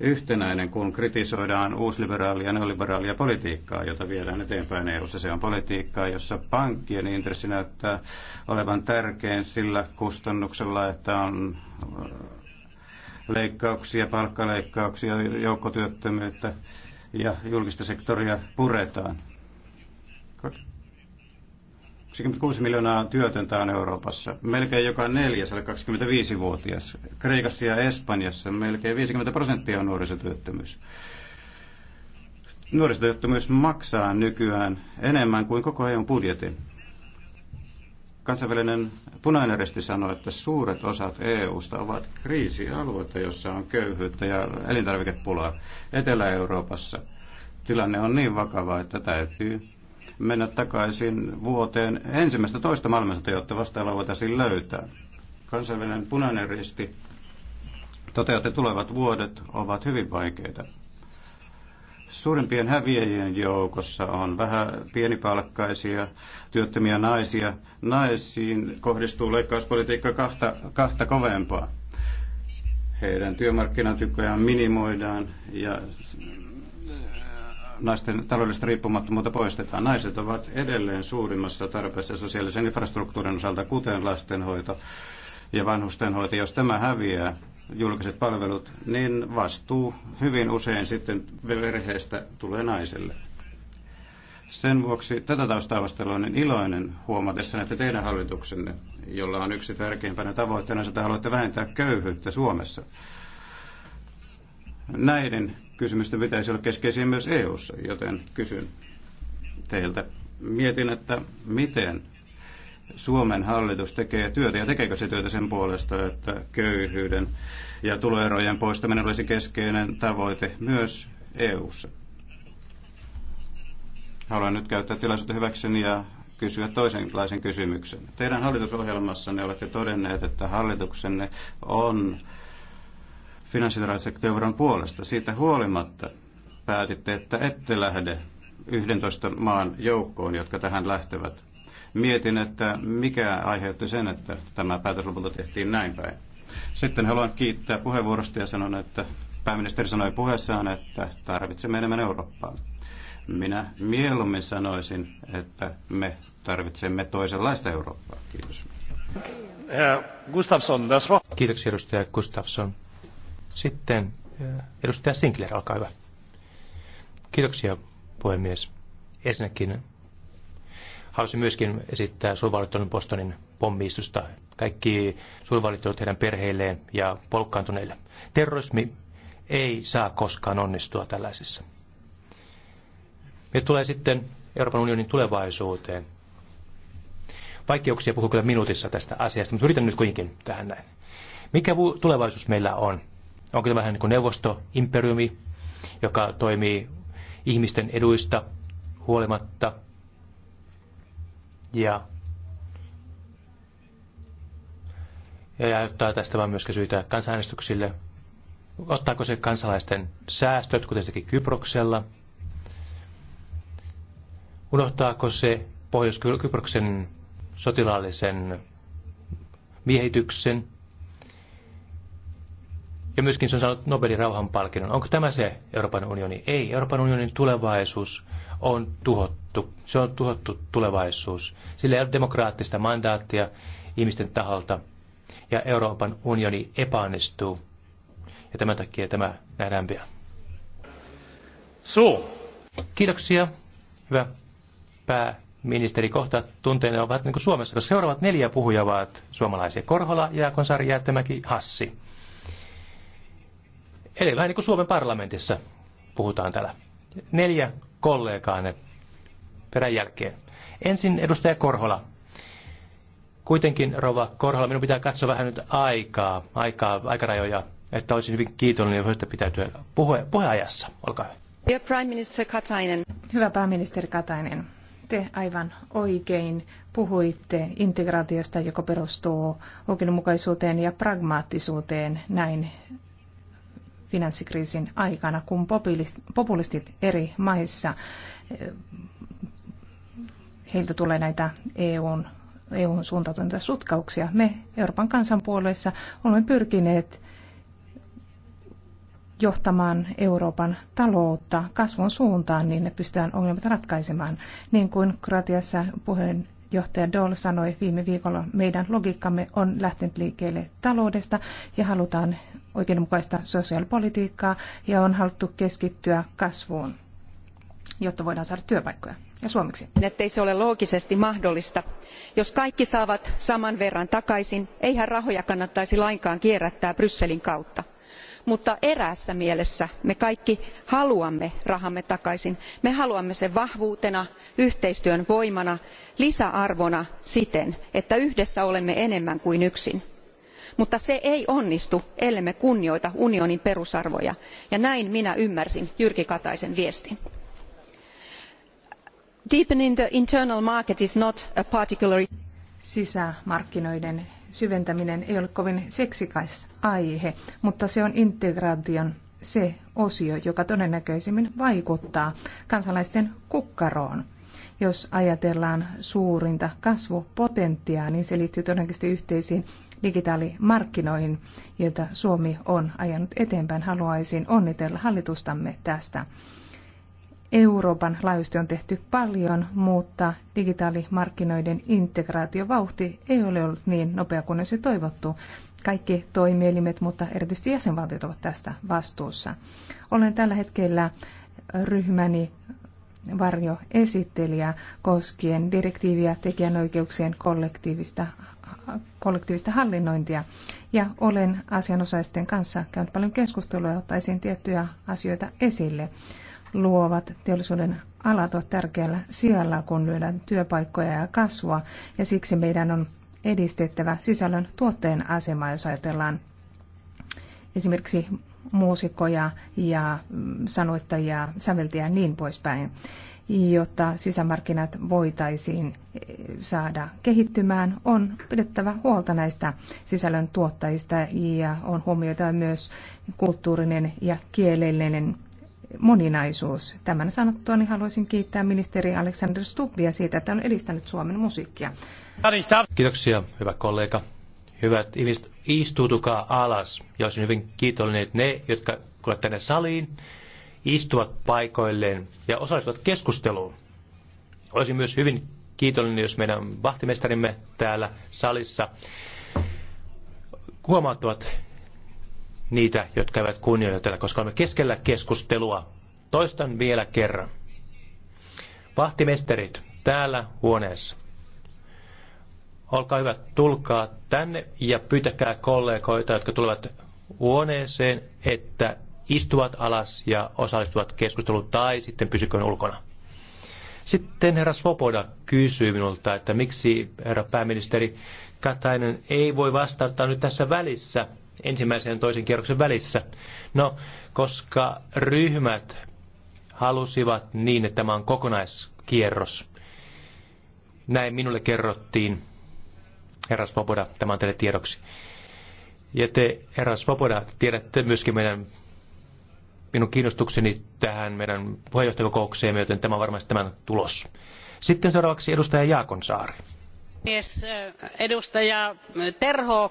yhtenäinen, kun kritisoidaan uusliberaalia ja neoliberaalia politiikkaa, jota viedään eteenpäin eu Se on politiikkaa, jossa pankkien intressi näyttää olevan tärkein sillä kustannuksella, että on äh, leikkauksia, palkkaleikkauksia, joukkotyöttömyyttä ja julkista sektoria puretaan. 26 miljoonaa työtöntä on Euroopassa. Melkein joka neljäs, alle 25-vuotias. Kreikassa ja Espanjassa melkein 50 prosenttia on nuorisotyöttömyys. Nuorisotyöttömyys maksaa nykyään enemmän kuin koko EUn budjetin. Kansainvälinen punainen resti sanoi, että suuret osat EU-sta ovat kriisialueita, jossa on köyhyyttä ja elintarvikepulaa. Etelä-Euroopassa tilanne on niin vakava, että täytyy mennä takaisin vuoteen ensimmäistä toista maailmansota, jotta vastaajalla voitaisiin löytää. Kansainvälinen punainen risti toteaa, että tulevat vuodet ovat hyvin vaikeita. Suurimpien häviäjien joukossa on vähän pienipalkkaisia, työttömiä naisia. Naisiin kohdistuu leikkauspolitiikka kahta, kahta kovempaa. Heidän työmarkkinatykkojaan minimoidaan ja naisten taloudellista riippumattomuutta poistetaan. Naiset ovat edelleen suurimmassa tarpeessa sosiaalisen infrastruktuurin osalta, kuten lastenhoito ja vanhustenhoito. Jos tämä häviää, julkiset palvelut, niin vastuu hyvin usein sitten perheestä tulee naiselle. Sen vuoksi tätä taustaa on niin iloinen huomatessa, että teidän hallituksenne, jolla on yksi tärkeimpänä tavoitteena, että haluatte vähentää köyhyyttä Suomessa, Näiden kysymysten pitäisi olla keskeisiä myös EU:ssa, joten kysyn teiltä. Mietin, että miten Suomen hallitus tekee työtä ja tekeekö se työtä sen puolesta, että köyhyyden ja tuloerojen poistaminen olisi keskeinen tavoite myös EU:ssa. Haluan nyt käyttää tilaisuutta hyväkseni ja kysyä toisenlaisen kysymyksen. Teidän hallitusohjelmassanne olette todenneet, että hallituksenne on finanssitransaktiovron puolesta. Siitä huolimatta päätitte, että ette lähde 11 maan joukkoon, jotka tähän lähtevät. Mietin, että mikä aiheutti sen, että tämä päätös lopulta tehtiin näin päin. Sitten haluan kiittää puheenvuorosta ja sanon, että pääministeri sanoi puheessaan, että tarvitsemme enemmän Eurooppaa. Minä mieluummin sanoisin, että me tarvitsemme toisenlaista Eurooppaa. Kiitos. Gustafsson, Kiitoksia edustaja Gustafsson. Sitten äh, edustaja Sinkler, olkaa hyvä. Kiitoksia, puhemies. Ensinnäkin halusin myöskin esittää suurvalittelun Bostonin pommiistusta kaikki suurvalittelut heidän perheilleen ja polkkaantuneille. Terrorismi ei saa koskaan onnistua tällaisissa. Me tulee sitten Euroopan unionin tulevaisuuteen. Vaikeuksia puhuu kyllä minuutissa tästä asiasta, mutta yritän nyt kuitenkin tähän näin. Mikä tulevaisuus meillä on? Onko tämä vähän niin kuin neuvostoimperiumi, joka toimii ihmisten eduista huolimatta? Ja, ja aiheuttaa tästä myöskin syytä kansanäänestyksille. Ottaako se kansalaisten säästöt, kuten sekin Kyproksella? Unohtaako se Pohjois-Kyproksen sotilaallisen miehityksen? Ja myöskin se on saanut Nobelin rauhanpalkinnon. Onko tämä se Euroopan unioni? Ei. Euroopan unionin tulevaisuus on tuhottu. Se on tuhottu tulevaisuus. Sillä ei ole demokraattista mandaattia ihmisten taholta. Ja Euroopan unioni epäonnistuu. Ja tämän takia tämä nähdään pian. Suu. Kiitoksia. Hyvä pääministeri. Kohta tunteena ovat niin kuin Suomessa, koska seuraavat neljä puhujaa ovat suomalaisia. Korhola, Jaakonsari, Jäättämäki, Hassi. Eli vähän niin kuin Suomen parlamentissa puhutaan täällä. Neljä kollegaa ne perän jälkeen. Ensin edustaja Korhola. Kuitenkin, Rova Korhola, minun pitää katsoa vähän nyt aikaa, aikaa aikarajoja, että olisin hyvin kiitollinen, jos sitä pitäytyä puhe, puheajassa. Olkaa hyvä. Dear Prime Minister Katainen. Hyvä pääministeri Katainen, te aivan oikein puhuitte integraatiosta, joka perustuu oikeudenmukaisuuteen ja pragmaattisuuteen. Näin finanssikriisin aikana, kun populistit eri maissa, eh, heiltä tulee näitä EUn, EUn suuntautuneita sutkauksia. Me Euroopan kansanpuolueessa olemme pyrkineet johtamaan Euroopan taloutta kasvun suuntaan, niin ne pystytään ongelmat ratkaisemaan. Niin kuin Kroatiassa puheen johtaja Doll sanoi viime viikolla, meidän logiikkamme on lähtenyt liikkeelle taloudesta ja halutaan oikeudenmukaista sosiaalipolitiikkaa ja on haluttu keskittyä kasvuun, jotta voidaan saada työpaikkoja. Ja suomeksi. Ettei se ole loogisesti mahdollista. Jos kaikki saavat saman verran takaisin, eihän rahoja kannattaisi lainkaan kierrättää Brysselin kautta mutta eräässä mielessä me kaikki haluamme rahamme takaisin me haluamme sen vahvuutena yhteistyön voimana lisäarvona siten että yhdessä olemme enemmän kuin yksin mutta se ei onnistu ellemme kunnioita unionin perusarvoja ja näin minä ymmärsin jyrki kataisen viestin. deepening the internal market is not a particularly sisämarkkinoiden syventäminen ei ole kovin seksikäs aihe, mutta se on integraation se osio, joka todennäköisimmin vaikuttaa kansalaisten kukkaroon. Jos ajatellaan suurinta kasvupotentiaa, niin se liittyy todennäköisesti yhteisiin digitaalimarkkinoihin, joita Suomi on ajanut eteenpäin. Haluaisin onnitella hallitustamme tästä. Euroopan laajuisesti on tehty paljon, mutta digitaalimarkkinoiden integraatiovauhti ei ole ollut niin nopea kuin se toivottu. Kaikki toimielimet, mutta erityisesti jäsenvaltiot ovat tästä vastuussa. Olen tällä hetkellä ryhmäni varjoesittelijä koskien direktiiviä tekijänoikeuksien kollektiivista, kollektiivista hallinnointia. Ja olen asianosaisten kanssa käynyt paljon keskustelua ja ottaisin tiettyjä asioita esille luovat teollisuuden alat ovat tärkeällä sijalla, kun lyödään työpaikkoja ja kasvua, ja siksi meidän on edistettävä sisällön tuotteen asemaa, jos ajatellaan esimerkiksi muusikkoja ja mm, sanoittajia, säveltäjiä ja niin poispäin, jotta sisämarkkinat voitaisiin e, saada kehittymään, on pidettävä huolta näistä sisällön tuottajista ja on huomioitava myös kulttuurinen ja kielellinen moninaisuus. Tämän sanottua niin haluaisin kiittää ministeri Alexander Stubbia siitä, että on edistänyt Suomen musiikkia. Kiitoksia, hyvä kollega. Hyvät ihmiset, istuutukaa alas. Ja olisin hyvin kiitollinen, että ne, jotka tulevat tänne saliin, istuvat paikoilleen ja osallistuvat keskusteluun. Olisin myös hyvin kiitollinen, jos meidän vahtimestarimme täällä salissa huomauttavat niitä, jotka eivät kunnioitella, koska olemme keskellä keskustelua. Toistan vielä kerran. Vahtimestarit täällä huoneessa. Olkaa hyvät tulkaa tänne ja pyytäkää kollegoita, jotka tulevat huoneeseen, että istuvat alas ja osallistuvat keskusteluun tai sitten pysyköön ulkona. Sitten herra Svoboda kysyi minulta, että miksi herra pääministeri Katainen ei voi vastata nyt tässä välissä – ensimmäisen ja toisen kierroksen välissä. No, koska ryhmät halusivat niin, että tämä on kokonaiskierros. Näin minulle kerrottiin, herra Svoboda, tämä on teille tiedoksi. Ja te, herra Svoboda, tiedätte myöskin meidän, minun kiinnostukseni tähän meidän puheenjohtajakokoukseemme, joten tämä on varmasti tämän tulos. Sitten seuraavaksi edustaja Jaakonsaari. Edustaja Terho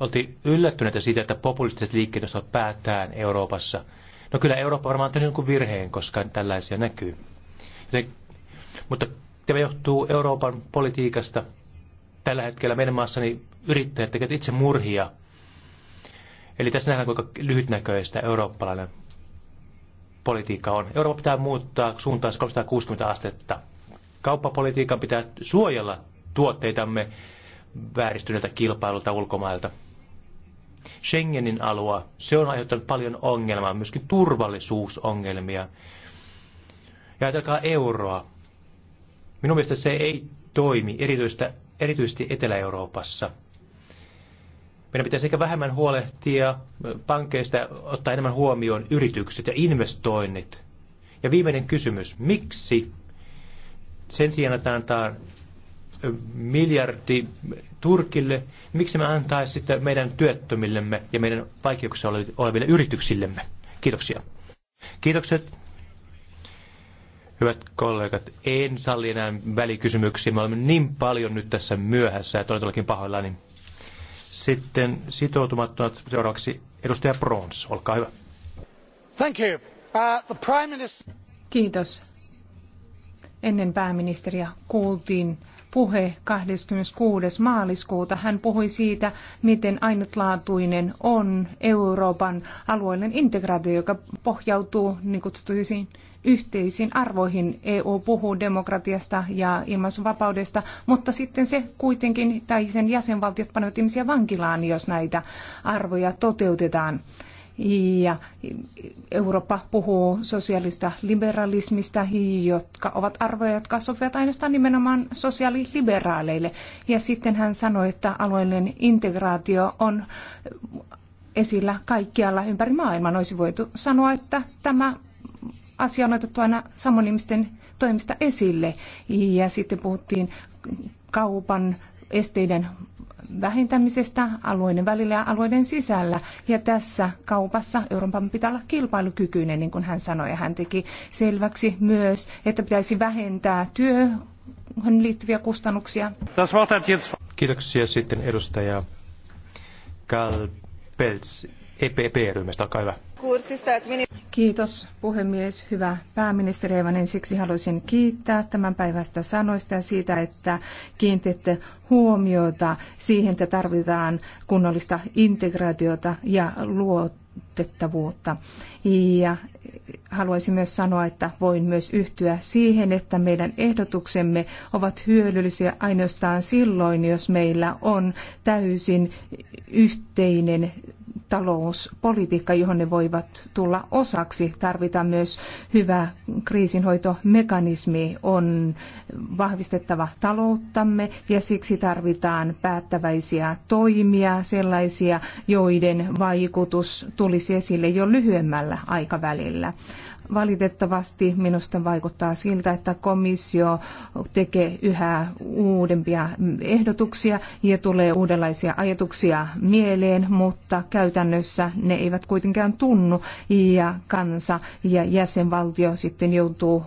oltiin yllättyneitä siitä, että populistiset liikkeet osaavat päättää Euroopassa. No kyllä Eurooppa varmaan on tehnyt jonkun virheen, koska tällaisia näkyy. Se, mutta tämä johtuu Euroopan politiikasta. Tällä hetkellä meidän maassani yrittäjät tekevät itse murhia. Eli tässä nähdään, kuinka lyhytnäköistä eurooppalainen politiikka on. Eurooppa pitää muuttaa suuntaan 360 astetta. Kauppapolitiikan pitää suojella tuotteitamme vääristyneeltä kilpailulta ulkomailta. Schengenin alue, se on aiheuttanut paljon ongelmaa, myöskin turvallisuusongelmia. Ja ajatelkaa euroa. Minun mielestä se ei toimi, erityisesti Etelä-Euroopassa. Meidän pitäisi ehkä vähemmän huolehtia pankeista, ottaa enemmän huomioon yritykset ja investoinnit. Ja viimeinen kysymys, miksi sen sijaan, että antaa miljardi Turkille, miksi me antaisi sitten meidän työttömillemme ja meidän vaikeuksissa oleville yrityksillemme? Kiitoksia. Kiitokset. Hyvät kollegat, en salli enää välikysymyksiä. Me olemme niin paljon nyt tässä myöhässä, ja olen todellakin pahoillani. Sitten sitoutumattomat seuraavaksi edustaja Brons, olkaa hyvä. Thank you. Uh, the prime minister... Kiitos. Ennen pääministeriä kuultiin puhe 26. maaliskuuta. Hän puhui siitä, miten ainutlaatuinen on Euroopan alueellinen integraatio, joka pohjautuu niin kutsutuisiin yhteisiin arvoihin. EU puhuu demokratiasta ja ilmaisuvapaudesta, mutta sitten se kuitenkin, tai sen jäsenvaltiot panevat ihmisiä vankilaan, jos näitä arvoja toteutetaan ja Eurooppa puhuu sosiaalista liberalismista, jotka ovat arvoja, jotka sopivat ainoastaan nimenomaan sosiaaliliberaaleille. Ja sitten hän sanoi, että alueellinen integraatio on esillä kaikkialla ympäri maailman. Olisi voitu sanoa, että tämä asia on otettu aina samoin ihmisten toimista esille. Ja sitten puhuttiin kaupan esteiden vähentämisestä alueiden välillä ja alueiden sisällä. Ja tässä kaupassa Euroopan pitää olla kilpailukykyinen, niin kuin hän sanoi, ja hän teki selväksi myös, että pitäisi vähentää työhön liittyviä kustannuksia. Kiitoksia sitten edustaja Karl EPP-ryhmästä, e olkaa hyvä. Kiitos puhemies. Hyvä pääministeri Evan ensiksi haluaisin kiittää tämän päivästä sanoista ja siitä, että kiinnitätte huomiota siihen, että tarvitaan kunnollista integraatiota ja luotettavuutta. Ja haluaisin myös sanoa, että voin myös yhtyä siihen, että meidän ehdotuksemme ovat hyödyllisiä ainoastaan silloin, jos meillä on täysin yhteinen talouspolitiikka, johon ne voivat tulla osaksi. Tarvitaan myös hyvä kriisinhoitomekanismi, on vahvistettava talouttamme ja siksi tarvitaan päättäväisiä toimia, sellaisia, joiden vaikutus tulisi esille jo lyhyemmällä aikavälillä. Valitettavasti minusta vaikuttaa siltä, että komissio tekee yhä uudempia ehdotuksia ja tulee uudenlaisia ajatuksia mieleen, mutta käytännössä ne eivät kuitenkaan tunnu ja kansa ja jäsenvaltio sitten joutuu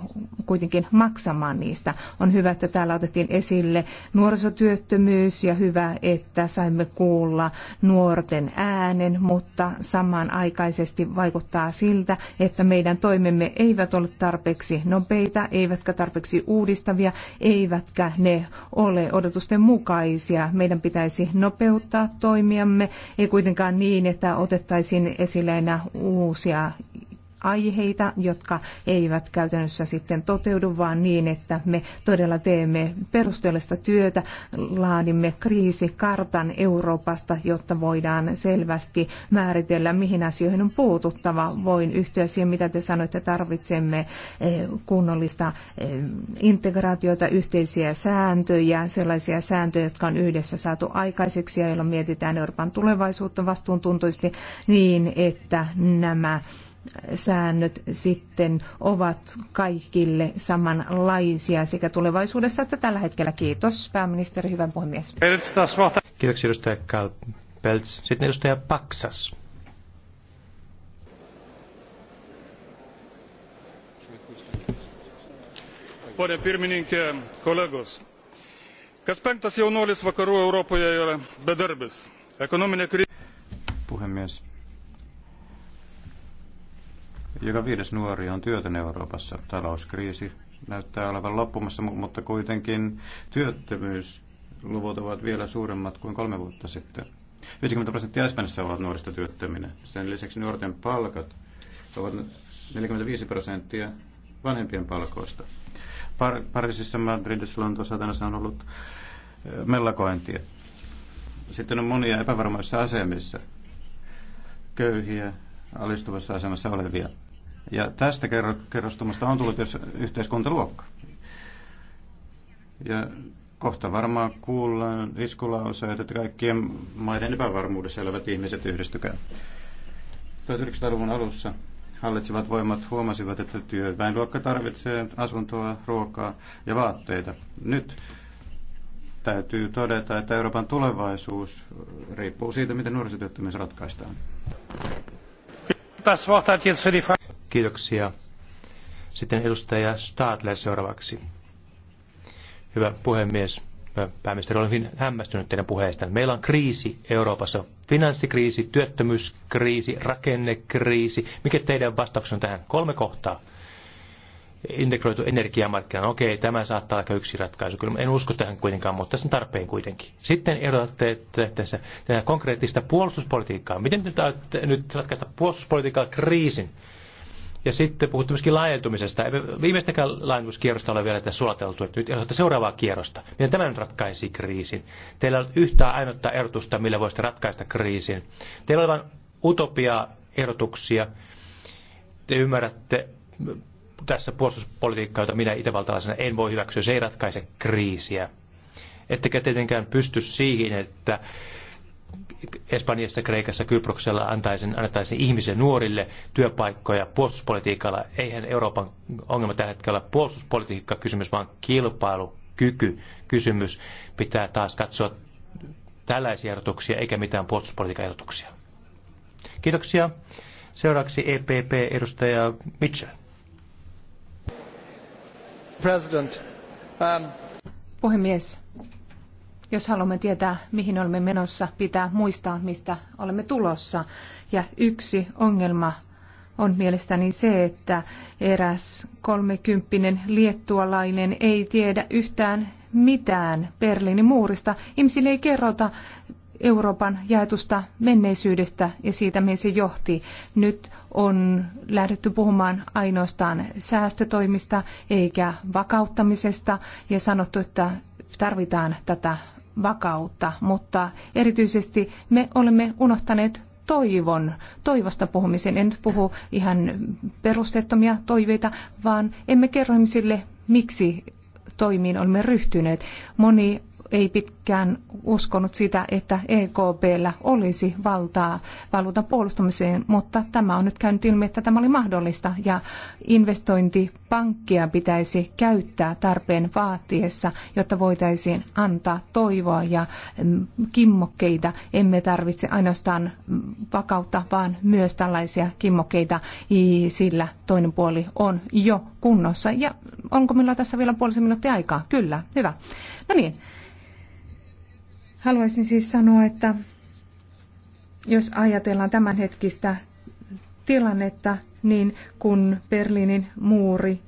kuitenkin maksamaan niistä. On hyvä, että täällä otettiin esille nuorisotyöttömyys ja hyvä, että saimme kuulla nuorten äänen, mutta samanaikaisesti vaikuttaa siltä, että meidän toimme toimemme eivät ole tarpeeksi nopeita, eivätkä tarpeeksi uudistavia, eivätkä ne ole odotusten mukaisia. Meidän pitäisi nopeuttaa toimiamme, ei kuitenkaan niin, että otettaisiin esille enää uusia aiheita, jotka eivät käytännössä sitten toteudu, vaan niin, että me todella teemme perusteellista työtä, laadimme kriisikartan Euroopasta, jotta voidaan selvästi määritellä, mihin asioihin on puututtava. Voin yhtyä siihen, mitä te sanoitte, tarvitsemme eh, kunnollista eh, integraatiota, yhteisiä sääntöjä, sellaisia sääntöjä, jotka on yhdessä saatu aikaiseksi ja joilla mietitään Euroopan tulevaisuutta vastuuntuntoisesti niin, että nämä säännöt sitten ovat kaikille samanlaisia sekä tulevaisuudessa että tällä hetkellä. Kiitos pääministeri, hyvän puhemies. Kiitoksia edustaja Peltz. Sitten edustaja Paksas. pone pirmininke kolegos kas penktas jaunuolis vakarų europoje yra bedarbis. ekonominė krizė joka viides nuori on työtön Euroopassa. Talouskriisi näyttää olevan loppumassa, mutta kuitenkin työttömyysluvut ovat vielä suuremmat kuin kolme vuotta sitten. 50 prosenttia Espanjassa ovat nuorista työttöminä. Sen lisäksi nuorten palkat ovat 45 prosenttia vanhempien palkoista. Par- Pariisissa, Madridissa, Lontoossa, Atenassa on ollut eh, mellakointia. Sitten on monia epävarmoissa asemissa, köyhiä, alistuvassa asemassa olevia. Ja tästä kerrostumasta on tullut jos yhteiskuntaluokka. Ja kohta varmaan kuullaan iskulauseet, että kaikkien maiden epävarmuudessa elävät ihmiset yhdistykää. 1900-luvun alussa hallitsevat voimat huomasivat, että työväenluokka tarvitsee asuntoa, ruokaa ja vaatteita. Nyt täytyy todeta, että Euroopan tulevaisuus riippuu siitä, miten nuorisotyöttömyys ratkaistaan. Kiitoksia. Sitten edustaja Stadler seuraavaksi. Hyvä puhemies. Pääministeri, olen hyvin hämmästynyt teidän puheesta. Meillä on kriisi Euroopassa. Finanssikriisi, työttömyyskriisi, rakennekriisi. Mikä teidän vastauksenne tähän? Kolme kohtaa. Integroitu energiamarkkina. No okei, tämä saattaa olla yksi ratkaisu. Kyllä en usko tähän kuitenkaan, mutta sen tarpeen kuitenkin. Sitten ehdotatte tässä konkreettista puolustuspolitiikkaa. Miten te nyt ratkaista puolustuspolitiikkaa kriisin? Ja sitten puhuttiin myöskin laajentumisesta. ei Viimeistäkään laajentumiskierrosta ole vielä tässä sulateltu. Että nyt ehdotatte seuraavaa kierrosta. Miten tämä nyt ratkaisi kriisin? Teillä on yhtään ainutta erotusta, millä voisitte ratkaista kriisin. Teillä on vain utopia-ehdotuksia. Te ymmärrätte tässä puolustuspolitiikkaa, jota minä itävaltalaisena en voi hyväksyä. Se ei ratkaise kriisiä. Ettekä tietenkään pysty siihen, että Espanjassa, Kreikassa, Kyproksella antaisin, annettaisiin ihmisille nuorille työpaikkoja puolustuspolitiikalla. Eihän Euroopan ongelma tällä hetkellä ole puolustuspolitiikka kysymys, vaan kilpailukyky kysymys. Pitää taas katsoa tällaisia ehdotuksia eikä mitään puolustuspolitiikan ehdotuksia. Kiitoksia. Seuraavaksi EPP-edustaja Mitchell. President, um... Puhemies, jos haluamme tietää, mihin olemme menossa, pitää muistaa, mistä olemme tulossa. Ja yksi ongelma on mielestäni se, että eräs kolmekymppinen liettualainen ei tiedä yhtään mitään Berliinin muurista. Ihmisille ei kerrota Euroopan jaetusta menneisyydestä ja siitä, mihin se johti. Nyt on lähdetty puhumaan ainoastaan säästötoimista eikä vakauttamisesta ja sanottu, että tarvitaan tätä vakautta, mutta erityisesti me olemme unohtaneet toivon, toivosta puhumisen. En nyt puhu ihan perusteettomia toiveita, vaan emme kerro ihmisille, miksi toimiin olemme ryhtyneet. Moni ei pitkään uskonut sitä, että EKPllä olisi valtaa valuutan puolustamiseen, mutta tämä on nyt käynyt ilmi, että tämä oli mahdollista ja investointipankkia pitäisi käyttää tarpeen vaatiessa, jotta voitaisiin antaa toivoa ja mm, kimmokkeita. Emme tarvitse ainoastaan mm, vakautta, vaan myös tällaisia kimmokkeita, sillä toinen puoli on jo kunnossa. Ja onko minulla tässä vielä puolisen minuuttia aikaa? Kyllä, hyvä. No niin, Haluaisin siis sanoa, että jos ajatellaan tämänhetkistä tilannetta, niin kun Berliinin muuri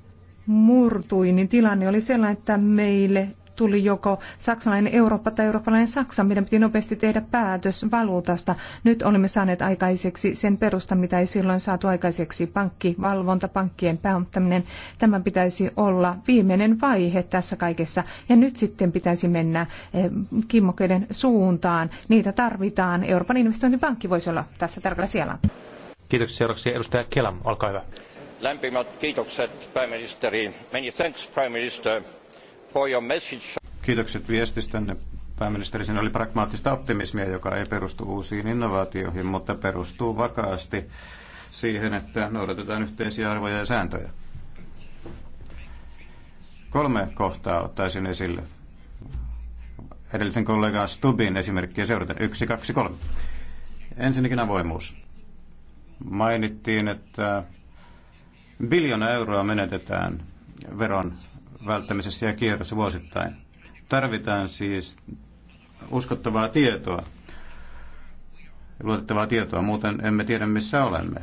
murtui, niin tilanne oli sellainen, että meille tuli joko saksalainen Eurooppa tai eurooppalainen Saksa. Meidän piti nopeasti tehdä päätös valuutasta. Nyt olemme saaneet aikaiseksi sen perusta, mitä ei silloin saatu aikaiseksi. Pankkivalvonta, pankkien pääomittaminen. Tämä pitäisi olla viimeinen vaihe tässä kaikessa. Ja nyt sitten pitäisi mennä eh, kimmokeiden suuntaan. Niitä tarvitaan. Euroopan investointipankki voisi olla tässä tärkeällä siellä. Kiitoksia seuraavaksi edustaja Kelam, olkaa hyvä. Lämpimät kiitokset pääministeri. Many thanks, prime minister. Kiitokset viestistänne. Pääministeri, siinä oli pragmaattista optimismia, joka ei perustu uusiin innovaatioihin, mutta perustuu vakaasti siihen, että noudatetaan yhteisiä arvoja ja sääntöjä. Kolme kohtaa ottaisin esille. Edellisen kollegan Stubin esimerkkiä seurata. Yksi, kaksi, kolme. Ensinnäkin avoimuus. Mainittiin, että biljona euroa menetetään veron välttämisessä ja kierrossa vuosittain. Tarvitaan siis uskottavaa tietoa, luotettavaa tietoa, muuten emme tiedä missä olemme.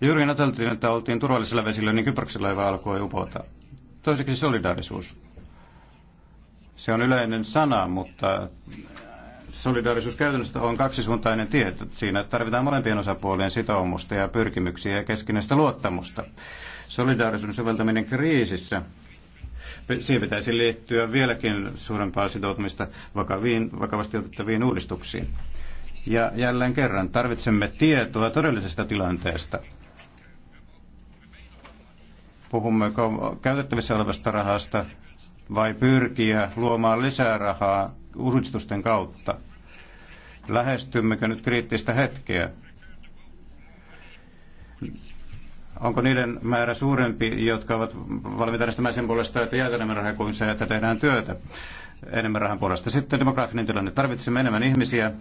Juuri ajateltiin, että oltiin turvallisella vesillä, niin Kyproksen laiva alkoi upota. Toiseksi solidaarisuus. Se on yleinen sana, mutta solidaarisuus käytännössä on kaksisuuntainen tie. Siinä tarvitaan molempien osapuolien sitoumusta ja pyrkimyksiä ja keskinäistä luottamusta. Solidaarisuuden soveltaminen kriisissä siihen pitäisi liittyä vieläkin suurempaa sitoutumista vakaviin, vakavasti otettaviin uudistuksiin. Ja jälleen kerran tarvitsemme tietoa todellisesta tilanteesta. Puhummeko käytettävissä olevasta rahasta vai pyrkiä luomaan lisää rahaa uudistusten kautta? Lähestymmekö nyt kriittistä hetkeä? Onko niiden määrä suurempi, jotka ovat valmiita äänestämään sen puolesta, että jäätä enemmän rahaa kuin se, että tehdään työtä enemmän rahan puolesta? Sitten demografinen tilanne. Tarvitsemme enemmän ihmisiä,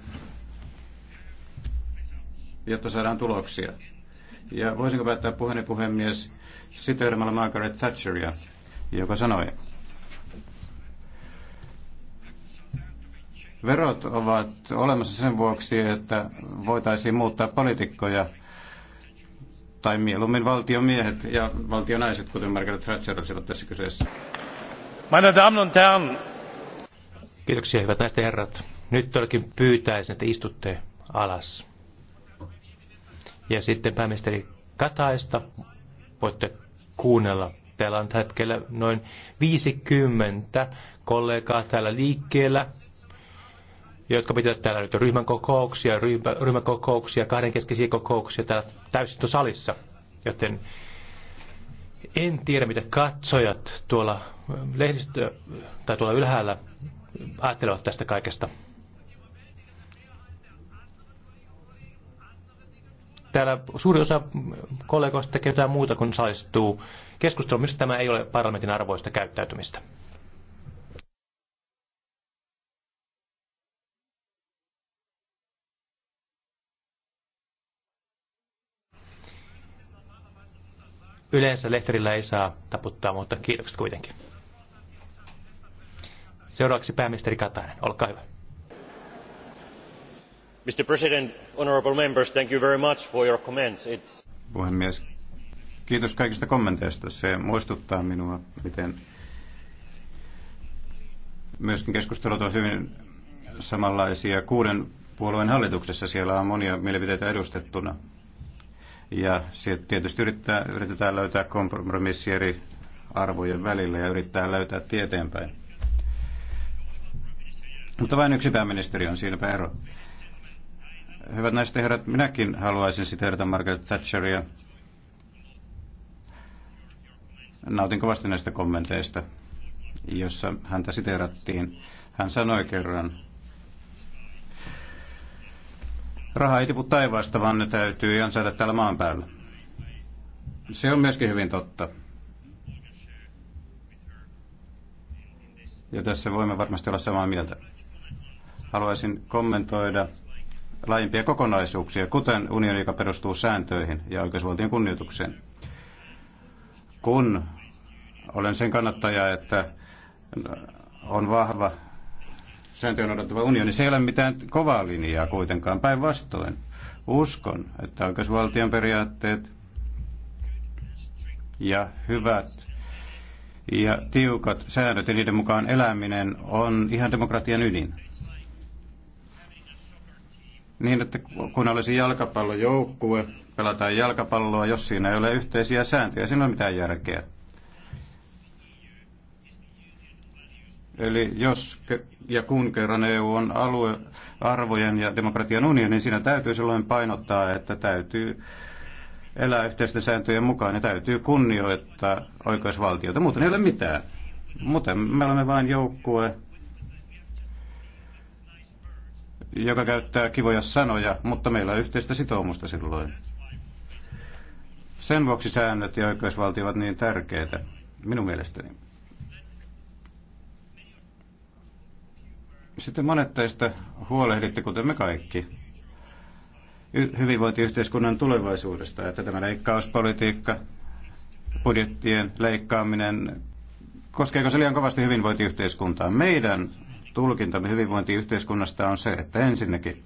jotta saadaan tuloksia. Ja voisinko päättää puheeni puhemies siteeramalla Margaret Thatcheria, joka sanoi, Verot ovat olemassa sen vuoksi, että voitaisiin muuttaa poliitikkoja tai mieluummin valtiomiehet ja valtionaiset, kuten Margaret Thatcher olisivat tässä kyseessä. Meine Damen und Herren. Kiitoksia, hyvät naiset herrat. Nyt todellakin pyytäisin, että istutte alas. Ja sitten pääministeri Kataista voitte kuunnella. Täällä on hetkellä noin 50 kollegaa täällä liikkeellä jotka pitävät täällä nyt ryhmän kokouksia, ryhmä, ryhmäkokouksia, kahdenkeskisiä kokouksia täällä täysistosalissa, Joten en tiedä, mitä katsojat tuolla lehdistö tai tuolla ylhäällä ajattelevat tästä kaikesta. Täällä suuri osa kollegoista tekee jotain muuta kuin saistuu keskustelua. Minusta tämä ei ole parlamentin arvoista käyttäytymistä. Yleensä lehterillä ei saa taputtaa, mutta kiitokset kuitenkin. Seuraavaksi pääministeri Katainen, olkaa hyvä. Mr. President, honorable members, thank you very much for your comments. It's... Puhemies, kiitos kaikista kommenteista. Se muistuttaa minua, miten myöskin keskustelut ovat hyvin samanlaisia. Kuuden puolueen hallituksessa siellä on monia mielipiteitä edustettuna. Ja tietysti yrittää, yritetään löytää kompromissi eri arvojen välillä ja yrittää löytää tieteenpäin. Mutta vain yksi pääministeri on siinäpä ero. Hyvät naiset ja herrat, minäkin haluaisin siteerata Margaret Thatcheria. Nautin kovasti näistä kommenteista, jossa häntä siteerattiin. Hän sanoi kerran, Raha ei tipu taivaasta, vaan ne täytyy ansaita täällä maan päällä. Se on myöskin hyvin totta. Ja tässä voimme varmasti olla samaa mieltä. Haluaisin kommentoida laajempia kokonaisuuksia, kuten unioni, joka perustuu sääntöihin ja oikeusvaltion kunnioitukseen. Kun olen sen kannattaja, että on vahva sääntöjen odottava unioni. Se ei ole mitään kovaa linjaa kuitenkaan, päinvastoin. Uskon, että oikeusvaltion periaatteet ja hyvät ja tiukat säännöt ja niiden mukaan eläminen on ihan demokratian ydin. Niin, että kun olisi jalkapallojoukkue, pelataan jalkapalloa, jos siinä ei ole yhteisiä sääntöjä, siinä ei ole mitään järkeä. Eli jos ja kun kerran EU on alue arvojen ja demokratian unioni, niin siinä täytyy silloin painottaa, että täytyy elää yhteisten sääntöjen mukaan ja täytyy kunnioittaa oikeusvaltiota. Muuten ei ole mitään. Muuten me olemme vain joukkue, joka käyttää kivoja sanoja, mutta meillä on yhteistä sitoumusta silloin. Sen vuoksi säännöt ja oikeusvaltio ovat niin tärkeitä, minun mielestäni. Sitten monet teistä huolehditte, kuten me kaikki, hyvinvointiyhteiskunnan tulevaisuudesta, että tämä leikkauspolitiikka, budjettien leikkaaminen, koskeeko se liian kovasti hyvinvointiyhteiskuntaa? Meidän tulkintamme hyvinvointiyhteiskunnasta on se, että ensinnäkin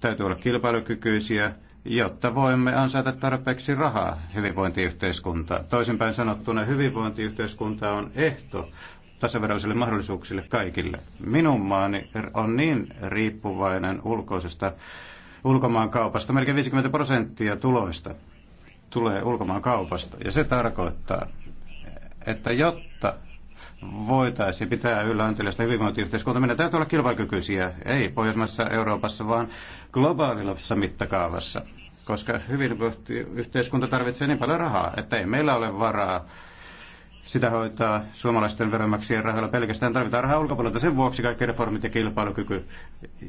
täytyy olla kilpailukykyisiä, jotta voimme ansaita tarpeeksi rahaa hyvinvointiyhteiskuntaa. Toisinpäin sanottuna hyvinvointiyhteiskunta on ehto tasaveroisille mahdollisuuksille kaikille. Minun maani on niin riippuvainen ulkoisesta ulkomaankaupasta. Melkein 50 prosenttia tuloista tulee ulkomaankaupasta. Ja se tarkoittaa, että jotta voitaisiin pitää yllä anteliasta hyvinvointiyhteiskunta, meidän täytyy olla kilpailukykyisiä, ei Pohjoismaissa, Euroopassa, vaan globaalissa mittakaavassa. Koska hyvinvointiyhteiskunta tarvitsee niin paljon rahaa, että ei meillä ole varaa sitä hoitaa suomalaisten veronmaksajien rahoilla pelkästään. Tarvitaan rahaa ulkopuolelta sen vuoksi kaikki reformit ja kilpailukyky.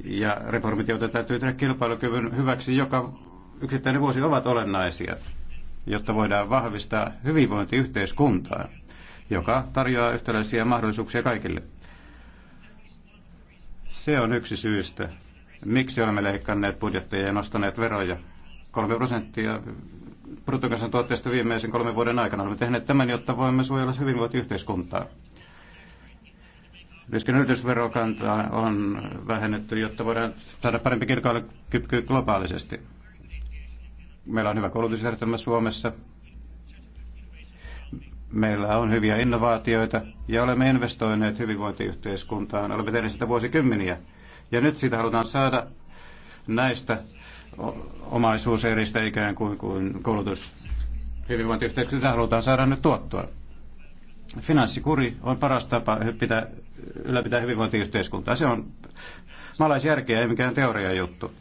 Ja reformit, joita täytyy tehdä kilpailukyvyn hyväksi, joka yksittäinen vuosi ovat olennaisia, jotta voidaan vahvistaa hyvinvointiyhteiskuntaa, joka tarjoaa yhtäläisiä mahdollisuuksia kaikille. Se on yksi syystä, miksi olemme leikkanneet budjetteja ja nostaneet veroja. 3 prosenttia bruttokansantuotteesta viimeisen kolmen vuoden aikana. Olemme tehneet tämän, jotta voimme suojella hyvinvointiyhteiskuntaa. Myöskin yritysverokantaa on vähennetty, jotta voidaan saada parempi kilpailukyky globaalisesti. Meillä on hyvä koulutusjärjestelmä Suomessa. Meillä on hyviä innovaatioita ja olemme investoineet hyvinvointiyhteiskuntaan. Olemme tehneet sitä vuosikymmeniä. Ja nyt siitä halutaan saada näistä omaisuuseristä ikään kuin, kuin kulutus hyvinvointiyhteiskunta halutaan saada nyt tuottua. Finanssikuri on paras tapa pitää, ylläpitää hyvinvointiyhteiskuntaa. Se on maalaisjärkeä, ei mikään teoriajuttu.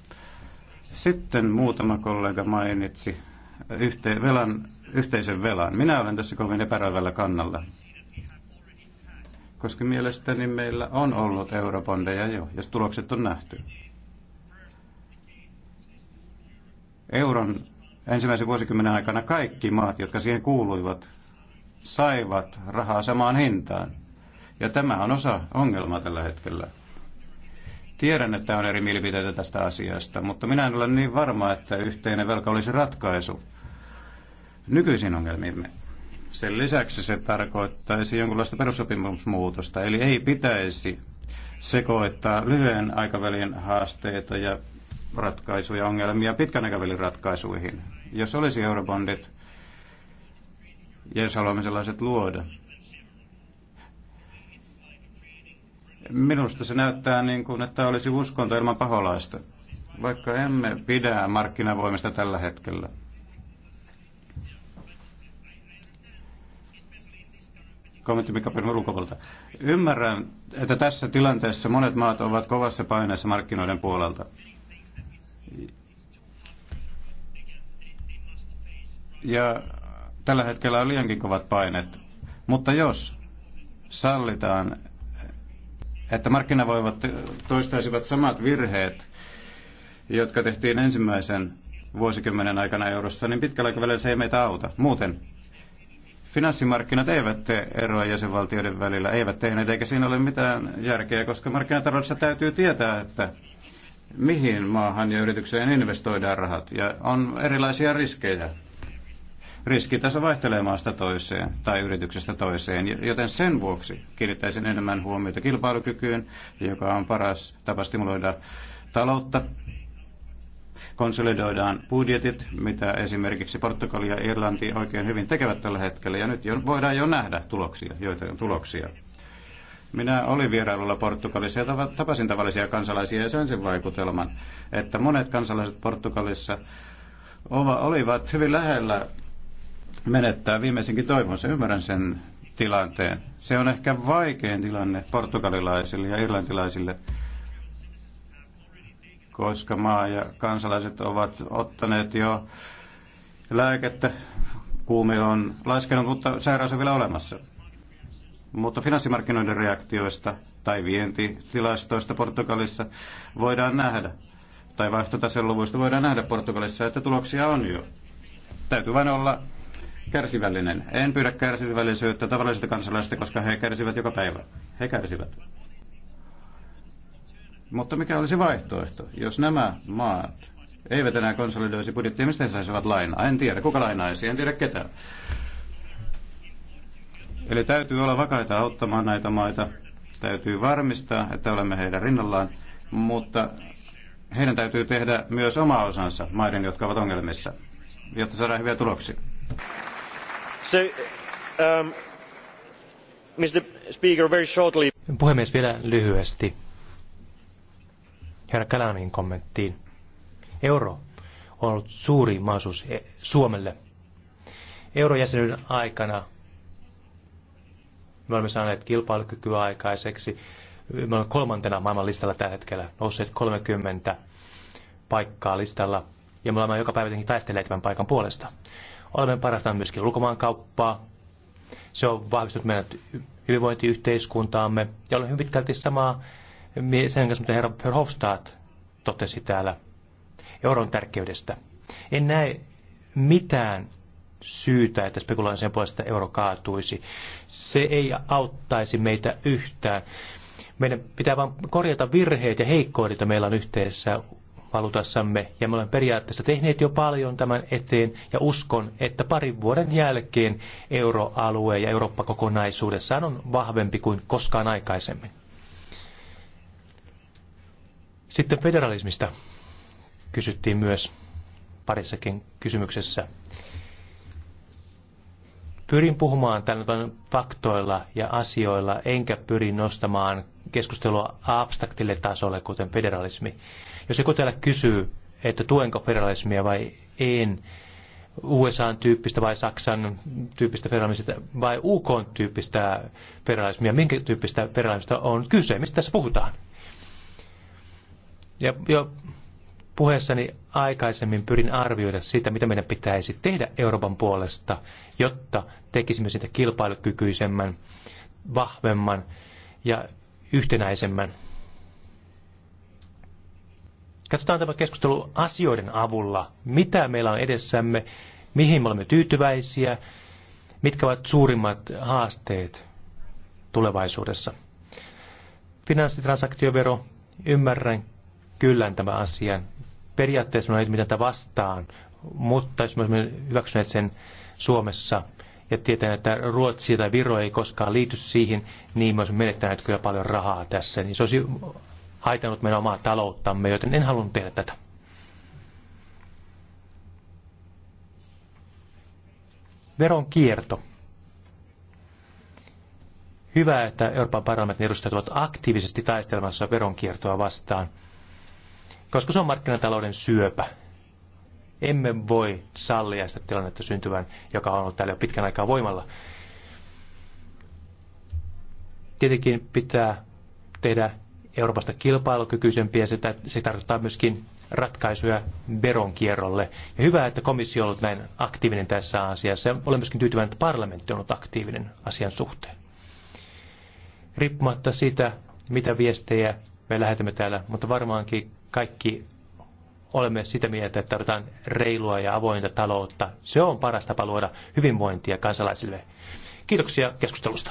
Sitten muutama kollega mainitsi yhte, velan, yhteisen velan. Minä olen tässä kovin epäröivällä kannalla, koska mielestäni meillä on ollut eurobondeja jo, jos tulokset on nähty. Euron ensimmäisen vuosikymmenen aikana kaikki maat, jotka siihen kuuluivat, saivat rahaa samaan hintaan. Ja tämä on osa ongelmaa tällä hetkellä. Tiedän, että on eri mielipiteitä tästä asiasta, mutta minä en ole niin varma, että yhteinen velka olisi ratkaisu nykyisiin ongelmiimme. Sen lisäksi se tarkoittaisi jonkinlaista perussopimusmuutosta, eli ei pitäisi sekoittaa lyhyen aikavälin haasteita ja ratkaisuja ongelmia pitkän aikavälin ratkaisuihin. Jos olisi eurobondit, ja jos haluamme sellaiset luoda. Minusta se näyttää niin kuin, että olisi uskonto ilman paholaista, vaikka emme pidä markkinavoimista tällä hetkellä. kommentti Mika Pernon ulkopuolelta. Ymmärrän, että tässä tilanteessa monet maat ovat kovassa paineessa markkinoiden puolelta. Ja tällä hetkellä on liiankin kovat painet. Mutta jos sallitaan, että markkinavoivat toistaisivat samat virheet, jotka tehtiin ensimmäisen vuosikymmenen aikana eurossa, niin pitkällä aikavälillä se ei meitä auta. Muuten finanssimarkkinat eivät tee eroa jäsenvaltioiden välillä, eivät tehneet, eikä siinä ole mitään järkeä, koska markkinataloudessa täytyy tietää, että mihin maahan ja yritykseen investoidaan rahat. Ja on erilaisia riskejä. Riskitaso vaihtelee maasta toiseen tai yrityksestä toiseen, joten sen vuoksi kiinnittäisin enemmän huomiota kilpailukykyyn, joka on paras tapa stimuloida taloutta. Konsolidoidaan budjetit, mitä esimerkiksi Portugalia ja Irlanti oikein hyvin tekevät tällä hetkellä, ja nyt jo, voidaan jo nähdä tuloksia, joita on tuloksia. Minä olin vierailulla Portugalissa ja tapasin tavallisia kansalaisia ja sen sen vaikutelman, että monet kansalaiset Portugalissa olivat hyvin lähellä menettää viimeisinkin toivonsa. Ymmärrän sen tilanteen. Se on ehkä vaikein tilanne portugalilaisille ja irlantilaisille, koska maa ja kansalaiset ovat ottaneet jo lääkettä. Kuume on laskenut, mutta sairaus on vielä olemassa. Mutta finanssimarkkinoiden reaktioista tai vientitilastoista Portugalissa voidaan nähdä, tai luvuista voidaan nähdä Portugalissa, että tuloksia on jo. Täytyy vain olla kärsivällinen. En pyydä kärsivällisyyttä tavallisista kansalaisista, koska he kärsivät joka päivä. He kärsivät. Mutta mikä olisi vaihtoehto, jos nämä maat eivät enää konsolidoisi budjettia, mistä he saisivat lainaa? En tiedä, kuka lainaisi, en tiedä ketään. Eli täytyy olla vakaita auttamaan näitä maita. Täytyy varmistaa, että olemme heidän rinnallaan, mutta heidän täytyy tehdä myös oma osansa maiden, jotka ovat ongelmissa, jotta saadaan hyviä tuloksia. So, um, Mr. Speaker, very shortly. Puhemies, vielä lyhyesti. Herra Kalanin kommenttiin. Euro on ollut suuri mahdollisuus eh, Suomelle. Eurojäsenyyden aikana me olemme saaneet kilpailukykyä aikaiseksi. Me olemme kolmantena maailman listalla tällä hetkellä, nousseet 30 paikkaa listalla. Ja me olemme joka päivä taistelleet tämän paikan puolesta. Olemme parantaneet myöskin ulkomaankauppaa. Se on vahvistunut meidän hyvinvointiyhteiskuntaamme. Ja olemme hyvin pitkälti samaa sen kanssa, mitä herra Verhofstadt totesi täällä euron tärkeydestä. En näe mitään syytä, että sen puolesta euro kaatuisi. Se ei auttaisi meitä yhtään. Meidän pitää vain korjata virheet ja heikkoudet, joita meillä on yhteisessä valutassamme. Ja me olemme periaatteessa tehneet jo paljon tämän eteen ja uskon, että parin vuoden jälkeen euroalue ja Eurooppa kokonaisuudessaan on vahvempi kuin koskaan aikaisemmin. Sitten federalismista kysyttiin myös parissakin kysymyksessä. Pyrin puhumaan tämän faktoilla ja asioilla, enkä pyri nostamaan keskustelua abstraktille tasolle, kuten federalismi. Jos joku täällä kysyy, että tuenko federalismia vai en, USA-tyyppistä vai Saksan tyyppistä federalismia vai UK-tyyppistä federalismia, minkä tyyppistä federalismista on kyse, mistä tässä puhutaan. Ja jo puheessani aikaisemmin pyrin arvioida sitä, mitä meidän pitäisi tehdä Euroopan puolesta, jotta tekisimme sitä kilpailukykyisemmän, vahvemman ja yhtenäisemmän. Katsotaan tämä keskustelu asioiden avulla, mitä meillä on edessämme, mihin me olemme tyytyväisiä, mitkä ovat suurimmat haasteet tulevaisuudessa. Finanssitransaktiovero, ymmärrän kyllä tämän asian periaatteessa ei mitään vastaan, mutta jos me olisimme hyväksyneet sen Suomessa ja tietäen, että Ruotsi tai Viro ei koskaan liity siihen, niin me olisimme menettäneet kyllä paljon rahaa tässä. Niin se olisi haitanut meidän omaa talouttamme, joten en halunnut tehdä tätä. Veron kierto. Hyvä, että Euroopan parlamentin edustajat ovat aktiivisesti taistelemassa veronkiertoa vastaan – koska se on markkinatalouden syöpä. Emme voi sallia sitä tilannetta syntyvän, joka on ollut täällä jo pitkän aikaa voimalla. Tietenkin pitää tehdä Euroopasta kilpailukykyisempiä, se, se tarkoittaa myöskin ratkaisuja veronkierrolle. Ja hyvä, että komissio on ollut näin aktiivinen tässä asiassa. Olen myöskin tyytyväinen, että parlamentti on ollut aktiivinen asian suhteen. Riippumatta siitä, mitä viestejä me lähetämme täällä, mutta varmaankin kaikki olemme sitä mieltä, että tarvitaan reilua ja avointa taloutta. Se on paras tapa luoda hyvinvointia kansalaisille. Kiitoksia keskustelusta.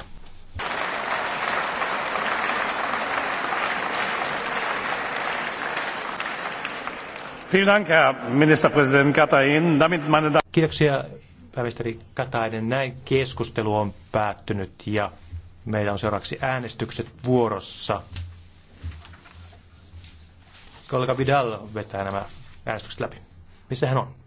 Kiitoksia, pääministeri Katainen. Näin keskustelu on päättynyt ja meillä on seuraavaksi äänestykset vuorossa kollega Vidal vetää nämä äänestykset läpi. Missä hän on?